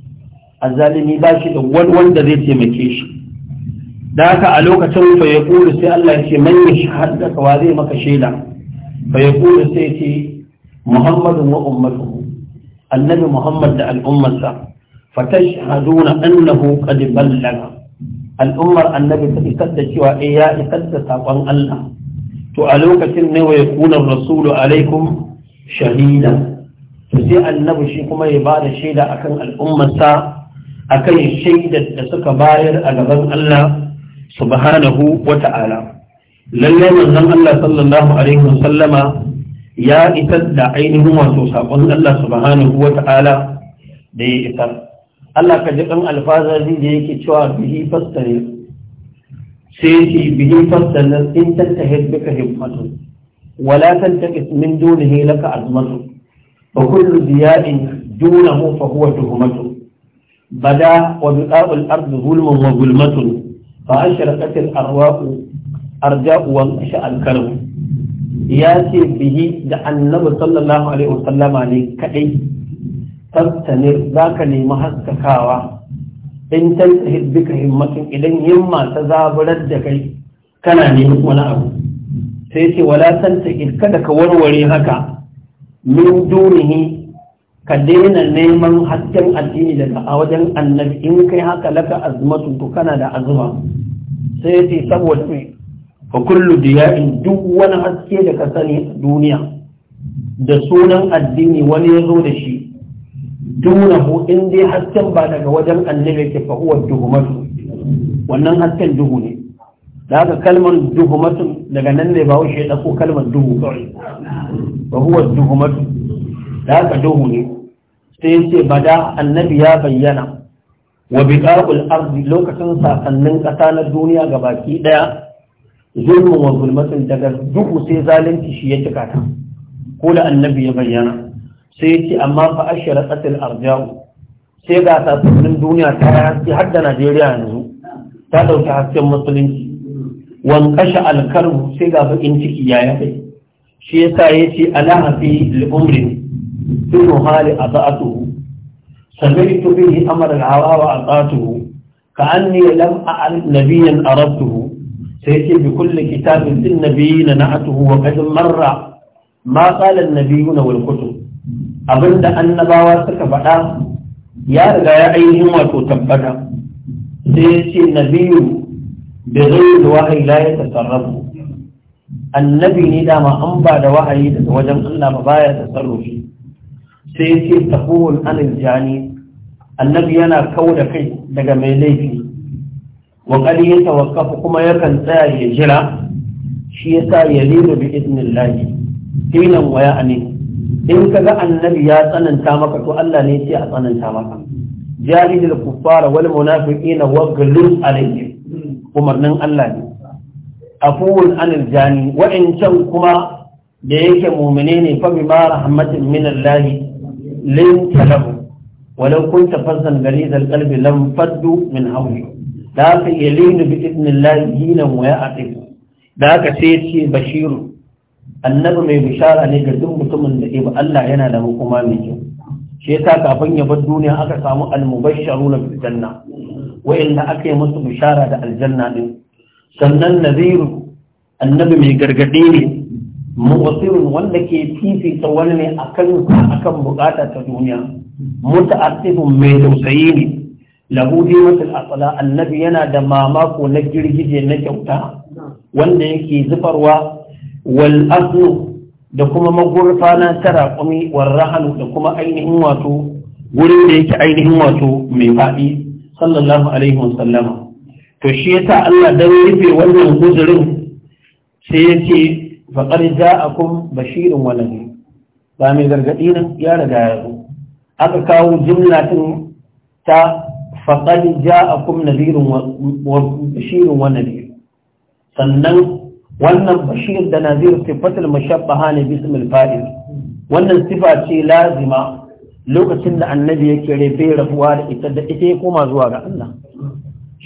azalimi ba shi da wani wanda zai taimake shi da haka a lokacin fa ya sai Allah ya ce man ya shahada ka wa zai maka shaida fa sai ce Muhammadun wa ummatuhu annabi Muhammad da al'ummarsa fatashhaduna annahu qad ballaga al'ummar annabi ta isar da cewa eh ya isar da saƙon Allah to a lokacin ne wa yakuna rasulu alaikum shahida to sai annabi shi kuma ya ba da shaida akan al'ummarsa akan shaidar da suka bayar a gaban Allah subhanahu wa ta'ala lalle manzon Allah sallallahu alaihi ya isar da ainihin wato saƙon Allah subhanahu wa ta'ala da ya isar Allah ka ji kan alfazazi da yake cewa bihi fastani sai shi bihi fastani in tantahid bika himmatu wala tantaqis min dunihi laka azmatu fa kullu diya'in dunahu fa huwa tuhmatu bada wa biqa'u al-ard zulmun wa zulmatun fa ashraqat al-arwaqu arja'u wa asha al-karam ya ce bihi da annabi sallallahu alaihi wa sallama ne kadai tastanir za ka nemi haskakawa in tantahid bika himmatin idan himma ta zaburar da kai kana neman wani abu sai ce wala tantahid kada ka warware haka min dunihi ka daina neman hasken addini daga a wajen annabi in kai haka laka azmatu to kana da azuma sai ce saboda mai fa kullu diya'in duk wani haske da ka sani duniya da sunan addini wani ya zo da shi dunahu in dai hasken ba daga wajen annabi ke fa huwa duhumatu wannan hasken duhu ne da haka kalmar duhumatu daga nan ne ba wuce da ko kalmar duhu kawai fa huwa duhumatu da haka duhu ne sai yace bada annabi ya bayyana wa biqa'ul ardi lokacin sakannin kasa na duniya gabaki daya zulmun wa zulmatin daga duhu sai zalunci shi ya cika ta ko da annabi ya bayyana sai ce amma fa ashara qatil arja'u sai ga tasirin duniya ta yi har da Najeriya yanzu ta ɗauki hasken musulunci wan kasha alkarbu sai ga ba ciki ya yi kai shi yasa ya ce ala hafi al'umrin fi muhali a ba'atu sabai to bi amara hawa wa tuhu. ka anni lam a'al nabiyyan arabtuhu sai ce bi kulli kitabin din nabiyina na'atuhu wa kadin marra ma qala an-nabiyuna wal abin da annabawa suka faɗa ya riga ya ainihin wato tabbata sai ya ce nabiyu da zai da wahayi la ya tasarrafu annabi ne dama an ba da wahayi daga wajen Allah ba baya tasarrufi sai ya ce tafuhul anil jani annabi yana kawo da kai daga mai laifi wa ya tawakkafu kuma yakan tsaya ya jira shi yasa ya lilo bi idnillahi dinan waya anin in ka ga annabi ya tsananta maka to Allah ne ce a tsananta maka jahilul kufara wal munafiqina waghlul alaihim umarnin Allah ne afuwun anil jani wa'incan kuma da yake mumine ne fa ma rahmatin min Allah lin talahu walau kunta fazzan ghalid al qalbi lam faddu min hawli da ka yalinu bi idnillahi hinan wa ya'tif da ka sai ce bashiru annabi mai bishara ne ga duk mutumin da ba. Allah yana da hukuma mai kyau shi yasa kafin ya bar duniya aka samu almubashsharuna na janna wayanda aka yi musu bishara da aljanna din sannan naziru annabi mai gargadi ne muqsirun wanda ke fifita wani ne akan akan bukata ta duniya muta'assifun mai tausayi ne lahu dimatul asala annabi yana da mamako na girgije na kyauta wanda yake zubarwa wal asnu da kuma magurfana ta raƙumi warrahanu da kuma ainihin wato wurin da yake ainihin wato mai faɗi sallallahu alaihi wasallama to shi ya yasa Allah dan rufe wannan guzurin sai yake faqad ja'akum bashirun wa nadhir ba mai gargadi nan ya riga ya zo aka kawo jumla din ta faqad ja'akum nadhirun wa Bashirin wannan nadhir sannan wannan bashir da nazir sifatul mashabbaha ne bismil fa'il wannan sifa ce lazima lokacin da annabi yake bai rafuwa da ita da ita ya koma zuwa ga Allah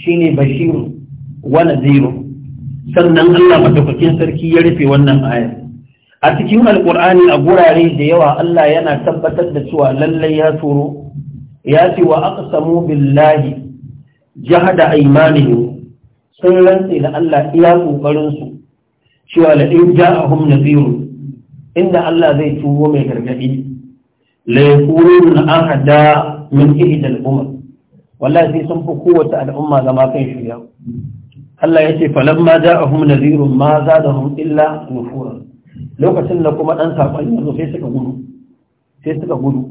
shine bashir wa nazir sannan Allah madaukakin sarki ya rufe wannan aya a cikin alqur'ani a gurare da yawa Allah yana tabbatar da cewa lallai ya turo ya ce wa aqsamu billahi jahada aymanihim sun rantse da Allah iya kokarin su cewa la in ja'ahum nadhirun inda Allah zai tuwo mai gargadi la yakunun ahada min ihda al-umam wallahi sai sun fi kowace al'umma zama kan shirya Allah ya ce falamma ja'ahum nadhirun ma za zadahum illa nufura lokacin da kuma dan sakon yanzu sai suka gudu sai suka gudu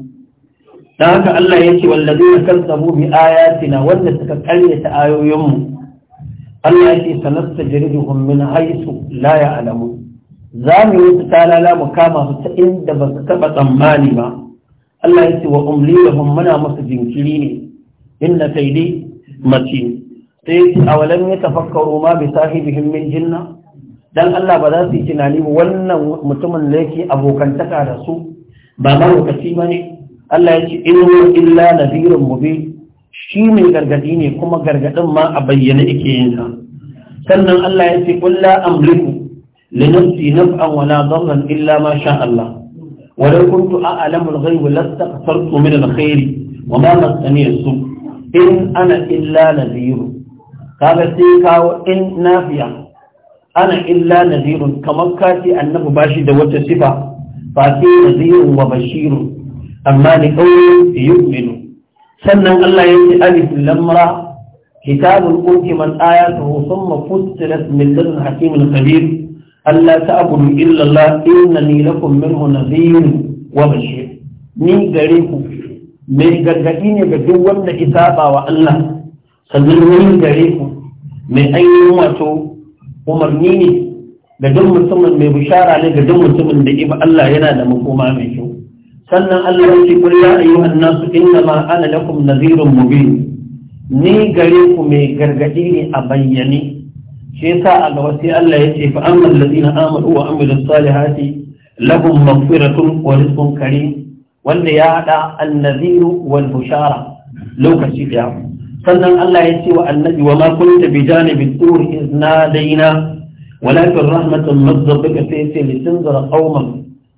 dan haka Allah ya ce wallazina kazzabu bi ayatina wanda suka karyata ayoyinmu Allah ce sanasta jiriduhum min haisu la ya'lamu za mu yi su talala mu kama su ta inda ba su taɓa tsammani ba Allah ce wa umli lahum muna masu jinkiri ne inna kaidi matin sai a awalan ya tafakkaru ma bi sahibihim min jinna dan Allah ba za su yi tunani wannan mutumin da yake abokantaka da su ba ma lokaci ne? Allah ce in illa mu mubin shi mai gargadi ne kuma gargadin ma a bayyana yake yin sa sannan Allah ya ce kulla la amliku li nafsi naf'an wa la darran illa ma sha Allah wa law kuntu a'lamu al-ghayb lastaghfartu min al-khair wa ma masani su in ana illa nadhir kaga sai kawo in nafiya ana illa Naziru kamar kace annabi bashi da wata sifa fa sai nadhirun wa Bashiru. amma ni kawai yu'minu sannan Allah ya ce alif lamra kitabul ukimat ayatuhu thumma fussilat min ladun hakimul khabir Allah ta'budu illa Allah innani lakum minhu nadhirun wa bashir ni gare ku mai gargadi ne ga duk wanda isaba wa Allah sannan ni gare ku mai ainihin wato umarni ne ga duk mutumin mai bishara ne ga duk mutumin da iba Allah yana da makoma mai kyau sannan Allah ya ce kullu ayyuhan nasu innama ana lakum nadhirun mubin ni gare ku mai gargadi ne a bayyane shi yasa a gaba sai Allah ya ce fa amman ladina amanu wa amilus salihati lahum maghfiratun wa rizqun karim wanda ya hada annadhiru wal bushara lokaci daya sannan Allah ya ce wa annabi wa ma kunta bi janibi tur iz nadaina walakin rahmatan min rabbika sai sai litunzira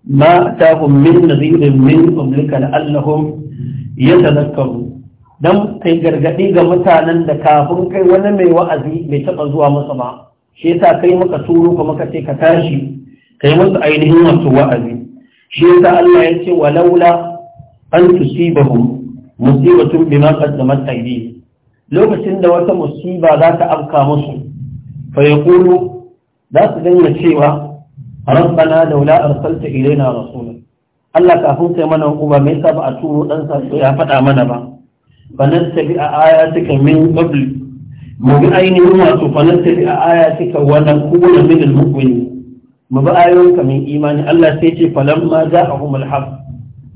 ma atahum min nadhirin min qablika la'allahum yatadhakkarun dan kai gargadi ga mutanen da kafin kai wani mai wa'azi bai taɓa zuwa masa ba shi yasa kai maka turo kuma ka ce ka tashi kai musu ainihin wasu wa'azi shi yasa Allah ya ce walaula an tusibahum musibatun bima qaddamat aydihim lokacin da wata musiba za ta afka musu fa yaqulu za su dinga cewa rabbana laula arsalta ilaina rasula Allah kafin sai mana uba me yasa ba a turo dan sa ya faɗa mana ba fanattabi a ayatika min qabl mu bi ainihin wato fanattabi a wannan kuma nakuna min al-mu'minin mu bi ka min imani Allah sai ce falamma ja'ahum al-haq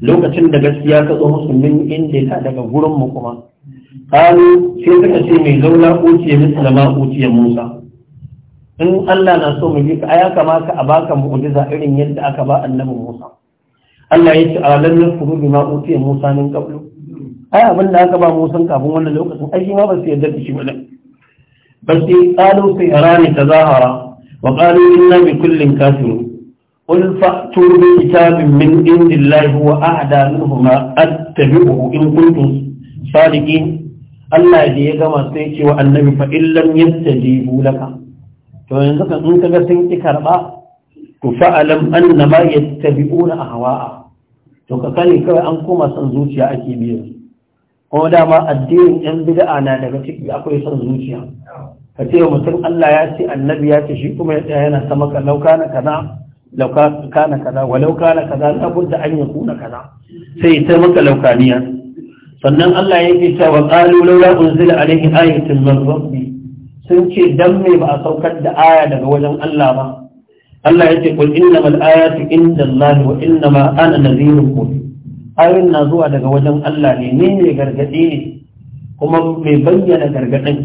lokacin da gaskiya ka zo musu min inda daga gurin mu kuma qalu sai suka ce mai zauna uciye musulma uciye Musa in Allah na so mu bi ka ya kamata a baka mu'jiza irin yadda aka ba annabi Musa Allah ya ce a lam yakfuru bima utiya Musa min qablu ai abin da aka ba Musa kafin wannan lokacin ai shi ma ba su yarda da shi ba bal sai qalu sayrani tazahara wa qalu inna bi kullin kafirun قل فأتوا بكتاب من عند الله هو أعدى منهما أتبعه Allah كنتم صادقين الله يجي كما سيتي وأن فإن لم يستجيبوا لك to yanzu ka in kaga sun ki karba to fa'alam anna ma yattabi'una ahwa'a to ka sani kawai an koma son zuciya ake biyan kuma dama addinin yan bid'a na daga ciki akwai son zuciya ka ce mutum Allah ya ce annabi ya ce shi kuma ya tsaya yana ta maka lauka na kaza lauka kana kaza walau kana kaza labudda an yakuna kaza sai ta maka laukaniya sannan Allah yake cewa qalu laula unzila alayhi ayatun min rabbi sun ce dan me ba a saukar da aya daga wajen Allah ba Allah ya ce kul innamal ayatu indallahi wa innama ana nadhirun mubin ayoyin na zuwa daga wajen Allah ne ne ne gargaɗi ne kuma mai bayyana gargaɗin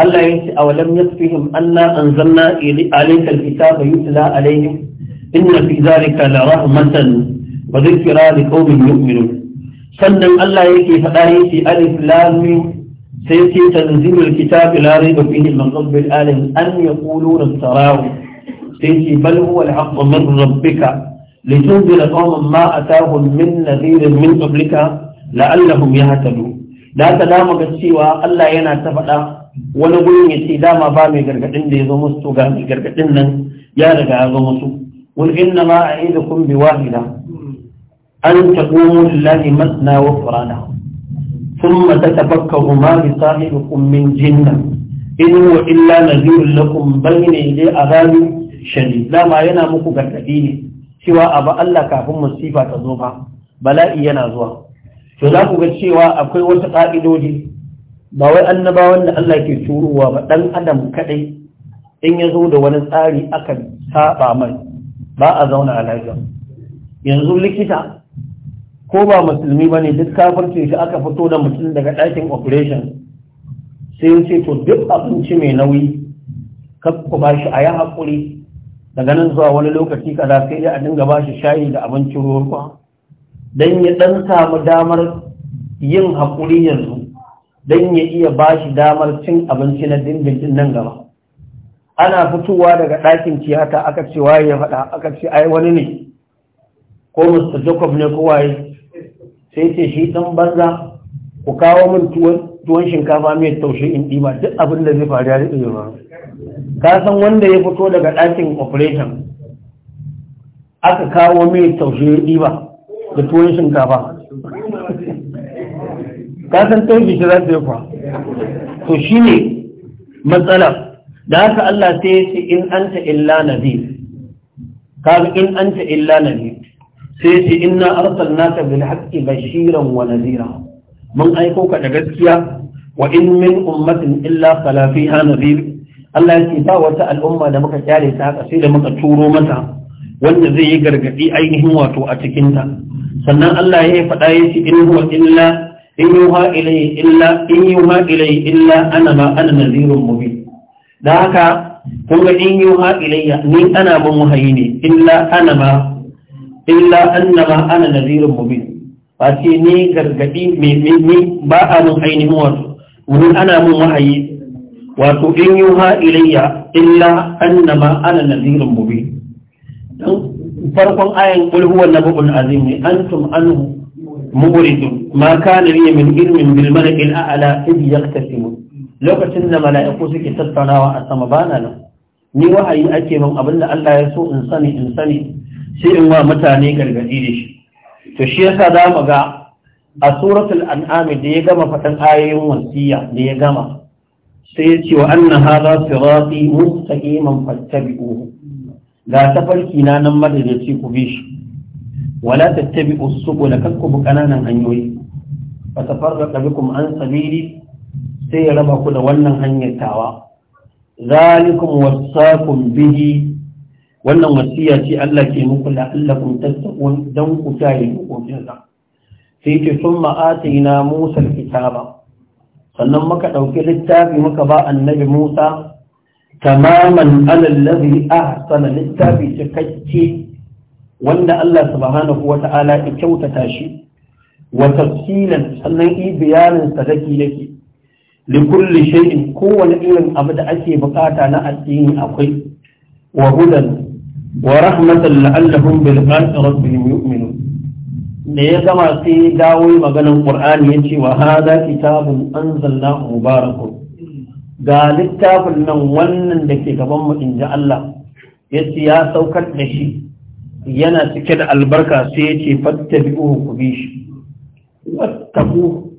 Allah ya ce a walam yasfihim anna anzalna ilayka alkitaba yutla alaihim inna fi zalika la rahmatan wa dhikra liqaumin yu'minun sannan Allah yake faɗa yake alif lam mim sai ce tanzilul kitabi la raiba fihi min rabbil alamin an yaquluna tarahu sai ce bal huwa al-haqq min rabbika litunzira qauman ma atahum min nadhirin min qablika la'allahum yahtadun da ta dama ga cewa Allah yana ta faɗa wani gurin ya ce dama ba mai gargaɗin da ya zo musu ga mai gargaɗin nan ya riga ya zo musu wal inna ma a'idukum bi wahida an taqumu lillahi masna wa furana. ثم تتفكر ما لصاحبكم من illa إن هو إلا نذير لكم بين يدي عذاب شديد لا ما ينا muku gargadi ne cewa abu Allah kafin musifa ta zo ba bala'i yana zuwa to za ku ga cewa akwai wasu ƙa'idodi? ba wai annabawan da Allah ke turowa ba ɗan adam kadai in ya zo da wani tsari aka saɓa mai ba a zauna a lafiya yanzu likita ko ba musulmi ba ne duk kafirce shi aka fito da mutum daga ɗakin operation sai ce to duk abinci mai nauyi kakku ba shi a yi haƙuri daga nan zuwa wani lokaci kaza sai a dinga ba shi shayi da abincin ruwa don ya ɗan samu damar yin haƙuri yanzu don ya iya ba shi damar cin abinci na dindindin nan gaba ana fitowa daga ɗakin tiyata aka ce waye ya faɗa aka ce ai wani ne ko mr jacob ne ko waye sai ce shi dan banza ku kawo min tuwon shinkafa mai taushe in ɗiba duk abin da zai faru ya riƙe ba ka san wanda ya fito daga ɗakin operation aka kawo mai taushe ya ɗiba da tuwon shinkafa ka san taushe shi za su yi kwa to shi ne matsala da haka Allah sai ya ce in anta illa nabi ka in anta illa nabi sai ce inna arsalnaka bil haqqi bashiran wa nadhira mun aiko ka da gaskiya wa in min ummatin illa khala fiha nadhir Allah ya ce ba wata al'umma da muka kyale ta haka sai da muka turo mata wanda zai yi gargadi ainihin wato a cikin ta sannan Allah ya faɗa ya ce in huwa illa in yuha ilayhi illa in yuha ilayhi illa ana ma ana nadhirun mubin da haka kun ga in yuha ilayya ni ana mun wahayi ne illa ana ma illa annama ana nazirun mubin ba ce ne gargadi mai ba a mun ainihin wato wani ana mun wahayi wato in yi ha ilayya illa annama ana nazirun mubin don farkon ayan kulhuwan na bukun azim ne An antum anhu muburidun ma na liya min ilmin bil malakil a'la id yaqtasimun lokacin da mala'iku suke tattaunawa a sama bana nan ni wahayi ake min abinda Allah ya so in sani in sani sai in wa mutane gargadi da shi to shi yasa za mu ga a suratul alami da ya gama faɗin ayoyin wasiya da ya gama sai ya ce wa anna hadha sirati mustaqiman fattabi'uhu ga tafarki na nan madadaci ku bi shi wala tattabi'u subula kakku kananan hanyoyi fa tafarraqa bikum an sabili sai ya raba ku da wannan hanyar tawa zalikum wasaqum bihi wannan wasiya ce Allah ke muku la'allakum tattaqun dan ku kiyaye hukuncin kofinsa. sai ce summa atina Musa kitaba sannan muka ɗauki littafi muka ba annabi Musa tamaman alal ladhi ahsana littafi cikakke wanda Allah subhanahu ta'ala ya kyautata shi wa tafsilan sannan i bayanin sa dake dake shay'in kowane irin abu da ake bukata na addini akwai wa hudan wa rahmatan la'allahum bil qati rabbihim yu'minun da ya gama sai dawo maganar ƙur'ani yace wa haza kitabun anzalnahu mubarakun ga littafin nan wannan da ke gaban mu inji Allah yace ya saukar da shi yana cike da albarka sai yace fattabi'uhu ku bi shi wattaquhu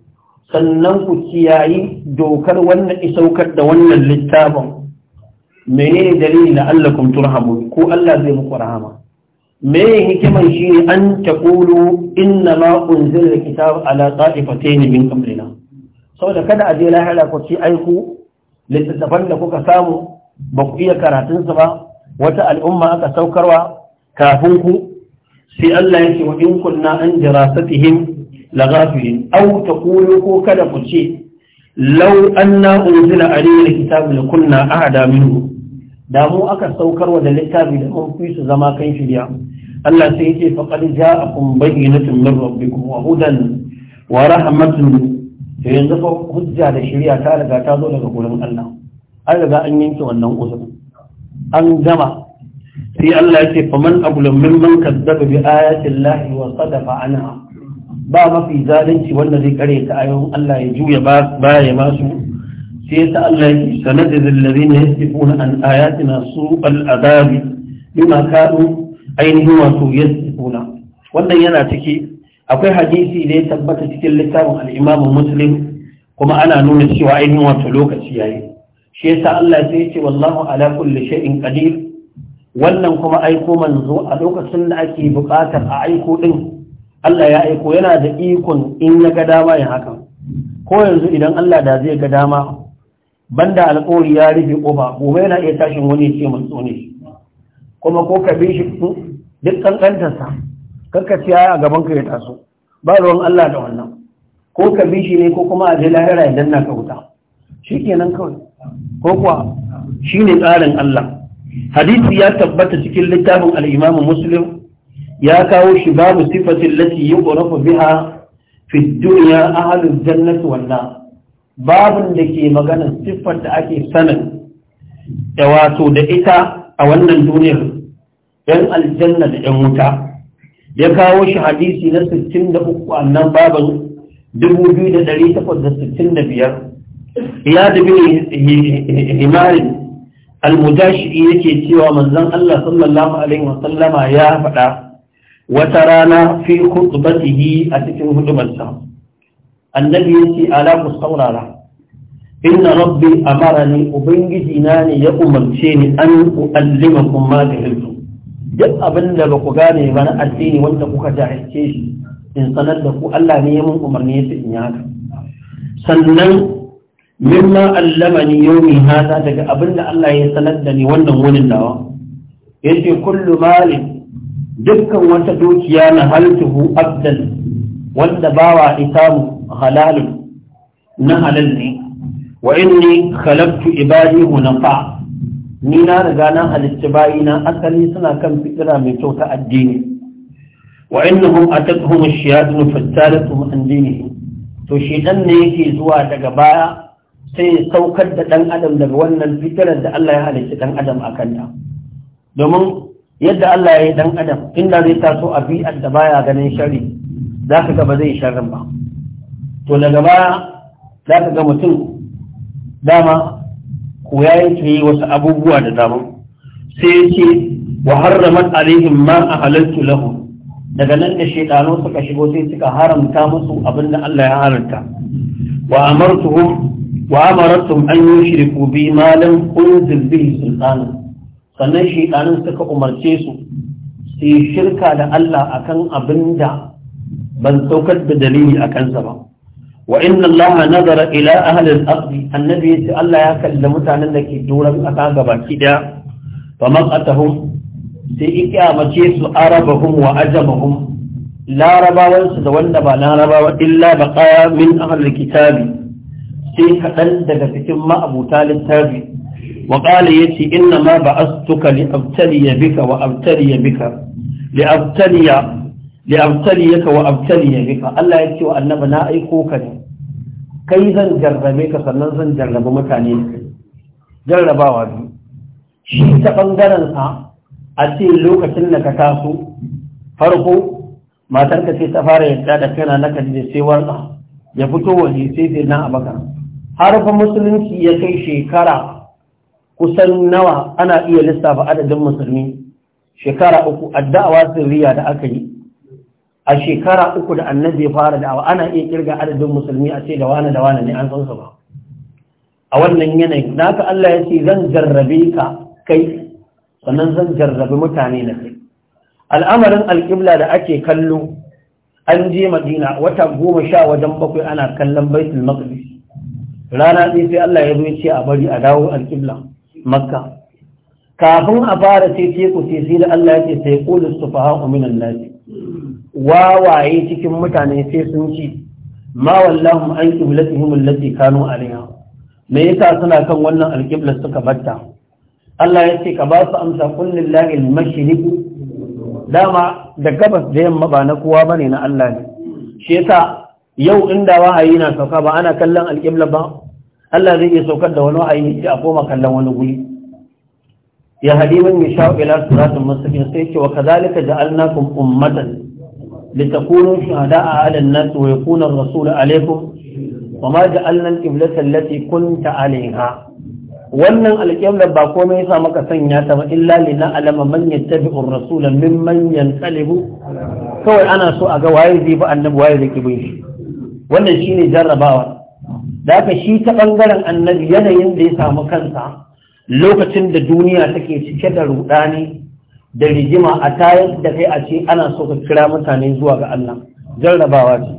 sannan ku kiyayi dokar wannan isaukar da wannan littafin menene dalili na allakum turhamun ko Allah zai muku rahama me hikimar shi ne an taqulu inna ma unzila alkitab ala qa'ifatayn min qablina saboda kada a je lahira ku ci aiku littattafan da kuka samu ba ku iya karatun su ba wata al'umma aka saukarwa kafin ku sai Allah ya ce wa in kunna an dirasatihim laghafilin aw taqulu ko kada ku ce law anna unzila alayhi alkitab lakunna ahada minhu da mu aka saukar wa da littafi da mun fi su zama kan shirya Allah sai yake faqad ja'akum bayyinatun min rabbikum wa hudan wa rahmatun to yanzu fa hujja da shirya ta riga ta zo daga gurin Allah an riga an yanke wannan usul an gama sai Allah yake faman abulum mimman kazzaba bi ayati Allah wa sadafa anha ba mafi zalunci wanda zai kare ta ayoyin Allah ya juya ba ya masu sai ta Allah yake sanadin lillazina yasifuna an ayatina su'al adabi bima kanu ainihin wato yasifuna wannan yana ciki akwai hadisi da ya tabbata cikin littafin al'imamin imam Muslim kuma ana nuna cewa ainihin wato lokaci yayi shi yasa Allah sai ya ce wallahu ala kulli shay'in qadir wannan kuma aiko manzo a lokacin da ake buƙatar a aiko din Allah ya aiko yana da ikon in ya ga dama ya haka ko yanzu idan Allah da zai ga dama banda alƙawari ya rufe ƙofa gobe yana iya tashin wani ce mun tsone shi kuma ko ka bi shi duk kankantarsa kakka ci a gaban ka ya taso ba ruwan Allah da wannan ko ka bi shi ne ko kuma a je lahira idan na ka wuta nan kawai ko kuwa shi ne tsarin Allah hadisi ya tabbata cikin littafin al-Imam Muslim ya kawo shi babu sifatin lati yuqrafu biha fi dunya ahlul jannati wan nar babin da ke magana siffar da ake sanin da wato da ita a wannan duniyar ‘yan aljanna da ‘yan wuta ya kawo shi hadisi na 63 annan babin 2865 ya da bin himarin almujashi yake cewa manzon Allah sallallahu alaihi wasallama ya faɗa wata rana fi khutbatihi a cikin hudubarsa annabi ya ce ala ku saurara inna rabbi amarani ubangiji na ne ya umarce ni an uallima kun ma da duk abin da ba ku gane ba na addini wanda kuka jahilce shi in sanar da ku Allah ne ya mun umarni ya in yi haka sannan mimma allamani yawmi hada daga abin da Allah ya sanar da ni wannan wunin nawa ce kullu mali dukkan wata dukiya na haltuhu abdan wanda bawa isamu halalun na halal ne wa inni khalaqtu ibadi hunafa ni na riga na halitta bayina asali suna kan fitira mai kyau ta addini wa innahum atatuhum ash-shayatin fattalatuhum an dinihim to shedan ne yake zuwa daga baya sai ya saukar da dan adam daga wannan fitirar da Allah ya halicci dan adam a kanta? domin yadda Allah ya yi dan adam inda zai taso a bi'ar da baya ganin shari za ka ga ba zai sharrin ba to daga baya za ka ga mutum dama ko ya yi wasu abubuwa da dama sai ya ce wa harramat alaihim ma a halattu lahu daga nan da shaidanu suka shigo sai suka haramta musu abin da Allah ya haramta wa amartuhum wa amartum an yushriku bi ma lam unzil bihi sultana sannan shaidanin suka umarce su su shirka da Allah akan abin da ban saukar da dalili a kansa ba wa inna allaha nazara ila ahli al-ardi annabi yace Allah ya kalli mutanen da ke doran kasa gabaki daya fa maqatahum sai mace su arabahum wa ajamahum larabawan su da wanda ba larabawa illa baqa min ahli kitabi sai kadan daga cikin ma'abuta littafi wa qala yace inna ma ba'astuka li abtaliya bika wa abtaliya bika li abtaliya li yaka wa abtaliya bika Allah ya ce wa annaba na aiko ka ne kai zan jarrabe ka sannan zan jarrabe mutane jarrabawa biyu shi ta bangaren sa a ce lokacin da ka taso farko matar ka ce ta fara yadda da kana na kaji sai ya fito waje sai sai na abaka har fa musulunci ya kai shekara kusan nawa ana iya lissafa adadin musulmi shekara uku addawa sirriya da aka yi a shekara uku da annabi ya fara da'awa ana iya kirga adadin musulmi a ce da wane da ne an san su ba a wannan yanayin naka Allah ya ce zan jarrabe ka kai sannan zan jarrabe mutane na kai al'amarin alƙibla da ake kallo an je madina wata goma sha wajen bakwai ana kallon baitul maqdis rana ɗaya sai Allah ya zo ya ce a bari a dawo alƙibla makka kafin a fara sai teku sai sai da Allah ya ce sai qulu sufaha'u minan nas wawaye cikin mutane sai sun ci ma wallahum an qiblatihim allati kanu alaiha me yasa suna kan wannan alqibla suka batta Allah ya ce ka ba su amsa kullillahi al-mashriq dama da gabas da yamma ba na kowa bane na Allah ne shi yasa yau inda wahayi na sauka ba ana kallon alqibla ba Allah zai iya saukar da wani wahayi ya a koma kallon wani guri ya hadi man yasha ila siratul mustaqim sai ce wa kadhalika ja'alnakum ummatan لتكونوا شهداء على الناس ويكون الرسول عليكم وما جعلنا القبلة التي كنت عليها wannan alƙiblar ba komai yasa maka sanya ta ba illa li na alama man yattabi'u rasula mimman yansalibu kawai ana so a ga waye zai bi annabi waye zai kibin shi wannan shine jarrabawa da shi ta bangaren annabi yanayin da ya samu kansa lokacin da duniya take cike da rudani da rigima a tayar da kai a ce ana so ka kira mutane zuwa ga Allah jarrabawa ce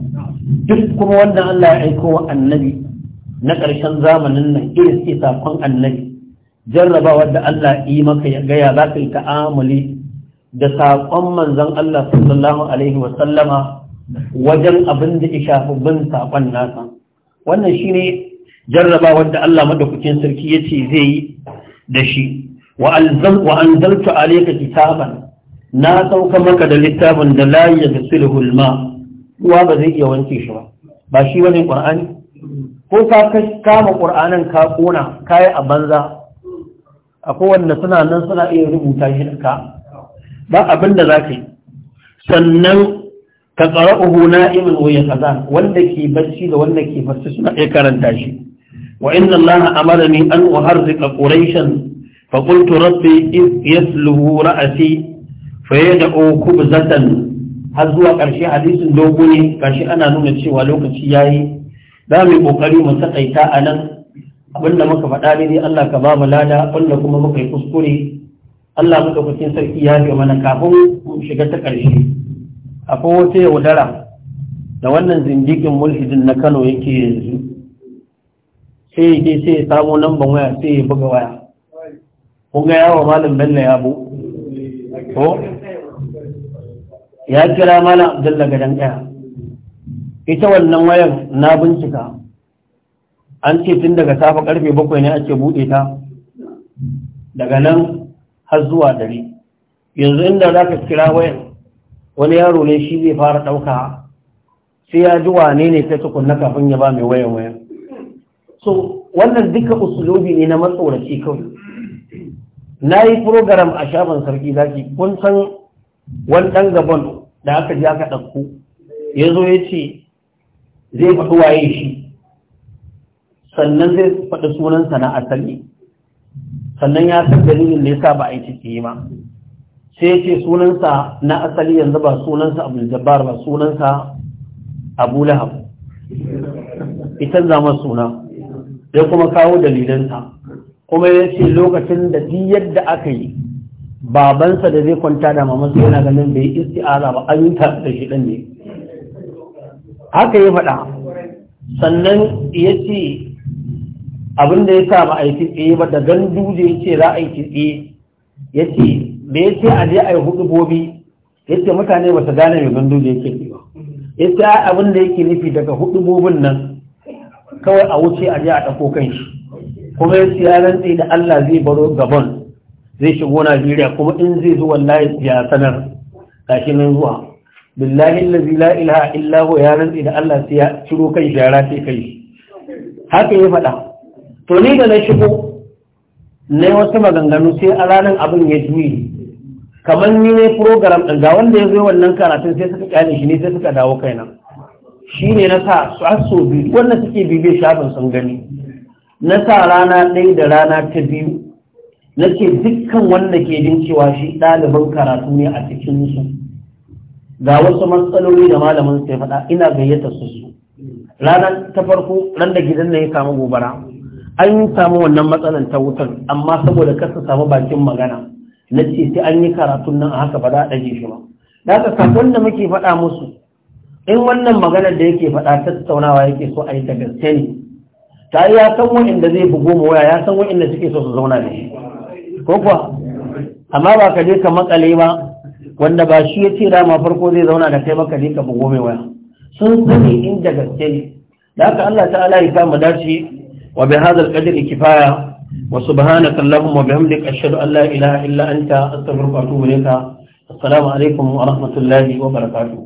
duk kuma wanda Allah ya aiko wa annabi na ƙarshen zamanin nan irin ce sakon annabi jarrabawa da Allah yi maka ya gaya za ka yi ta'amuli da saƙon manzon Allah sallallahu alaihi wa sallama wajen abin da ya shafi bin saƙon nasa wannan shine jarrabawar da Allah madaukakin sarki yace zai yi da shi wa anzaltu alayka kitaban na sauka maka da littafin da la yaghsiluhu al-ma ruwa ba zai iya wanke shi ba ba shi bane qur'ani ko ka kama qur'anin ka kona kai a banza akwai wanda suna nan suna iya rubuta shi ka ba abin da zaka yi sannan ka tsara uhu na'imin wa yaqzan wanda ke bacci da wanda ke barci suna iya karanta shi wa Laha allaha amarani an uharrika quraishan فقلت ربي إذ يسله رأسي فيدعو كبزة har zuwa ƙarshe hadisin dogo ne ƙarshe ana nuna cewa lokaci ya yi za mu yi ƙoƙari mu taƙaita a nan abinda muka faɗa ne dai Allah ka ba lada wanda kuma muka yi kuskure Allah maɗaukakin sarki ya ga mana kafin mu shiga ta ƙarshe akwai wata yaudara da wannan zindikin mulhidin na Kano yake yanzu sai ya sai ya samo lambar waya sai ya buga waya kun ga yawa malam bello ya bu ko ya kira malam Abdullahi gadan ɗaya ita wannan wayar na bincika an ce tun daga safa karfe bakwai ne ake buɗe ta daga nan har zuwa dare yanzu inda za ka kira wayan wani yaro ne shi zai fara ɗauka sai ya ji wane ne sai tukunna kafin ya ba mai wayan wayan so wannan duka usulobi ne na matsoraci kawai na yi program a shagon sarki zaki kun san wani ɗan gaban da aka ji aka ɗauku ya zo ya ce zai faɗi waye shi sannan zai faɗi sunansa na asali sannan ya san dalilin da ya sa ba a yi ciki ma sai ya ce sunansa na asali yanzu ba sunansa abu jabbar ba sunansa abu lahab ita zama suna ya kuma kawo dalilansa kuma ya ce lokacin da duk yadda aka yi babansa da zai kwanta da mamansa yana ganin bai isti'aza ba an yi da shi ɗan ne haka ya faɗa sannan ya ce abin da ya sa ba a yi tsaye ba da gandu da ya ce za a yi tsaye ya ce da ya ce a je a yi hudu bobi ya ce mutane ba su gane mai gandu da ce ba ya ce abin da yake nufi daga hudu bobin nan kawai a wuce a je a ɗauko kan shi kuma ya siya rantsi da Allah zai baro Gabon zai shigo Najeriya kuma in zai zo wallahi ya sanar gashi nan zuwa billahi allazi la ilaha illa huwa ya rantsi da Allah sai ya ciro kai shara sai kai haka ya faɗa to ni da na shigo na wasu maganganu sai a ranar abin ya juyi kamar ni ne program ɗin ga wanda ya zo wannan karatun sai suka kyale shi ne sai suka dawo kaina shi ne na sa su har biyu suke bibe shafin sun gani na sa rana ɗaya da rana ta biyu na ce dukkan wanda ke jin cewa shi ɗaliban karatu ne a cikinsu ga wasu matsaloli da malamin sai faɗa ina gayyata su su rana ta farko ran da gidan na ya samu gobara an yi samu wannan matsalan ta wutar amma saboda kasa samu bakin magana na ce sai an yi karatun nan a haka ba za a ɗaje shi ba da haka sakon da muke faɗa musu in wannan maganar da yake faɗa tattaunawa yake so a yi ta gaske ne ta ya san wa'inda zai bugo mu waya ya san wa'inda suke so su zauna da ko kuwa amma ba ka je ka makale ba wanda ba shi ya ce dama farko zai zauna da kai maka je ka bugo mai waya sun sani inda gaske ne da haka Allah ta'ala ya kama dace wa bi hadha qadri kifaya wa subhanaka allahumma wa bihamdika ashhadu an la ilaha illa anta astaghfiruka wa atubu ilayka assalamu alaikum wa rahmatullahi wa barakatuh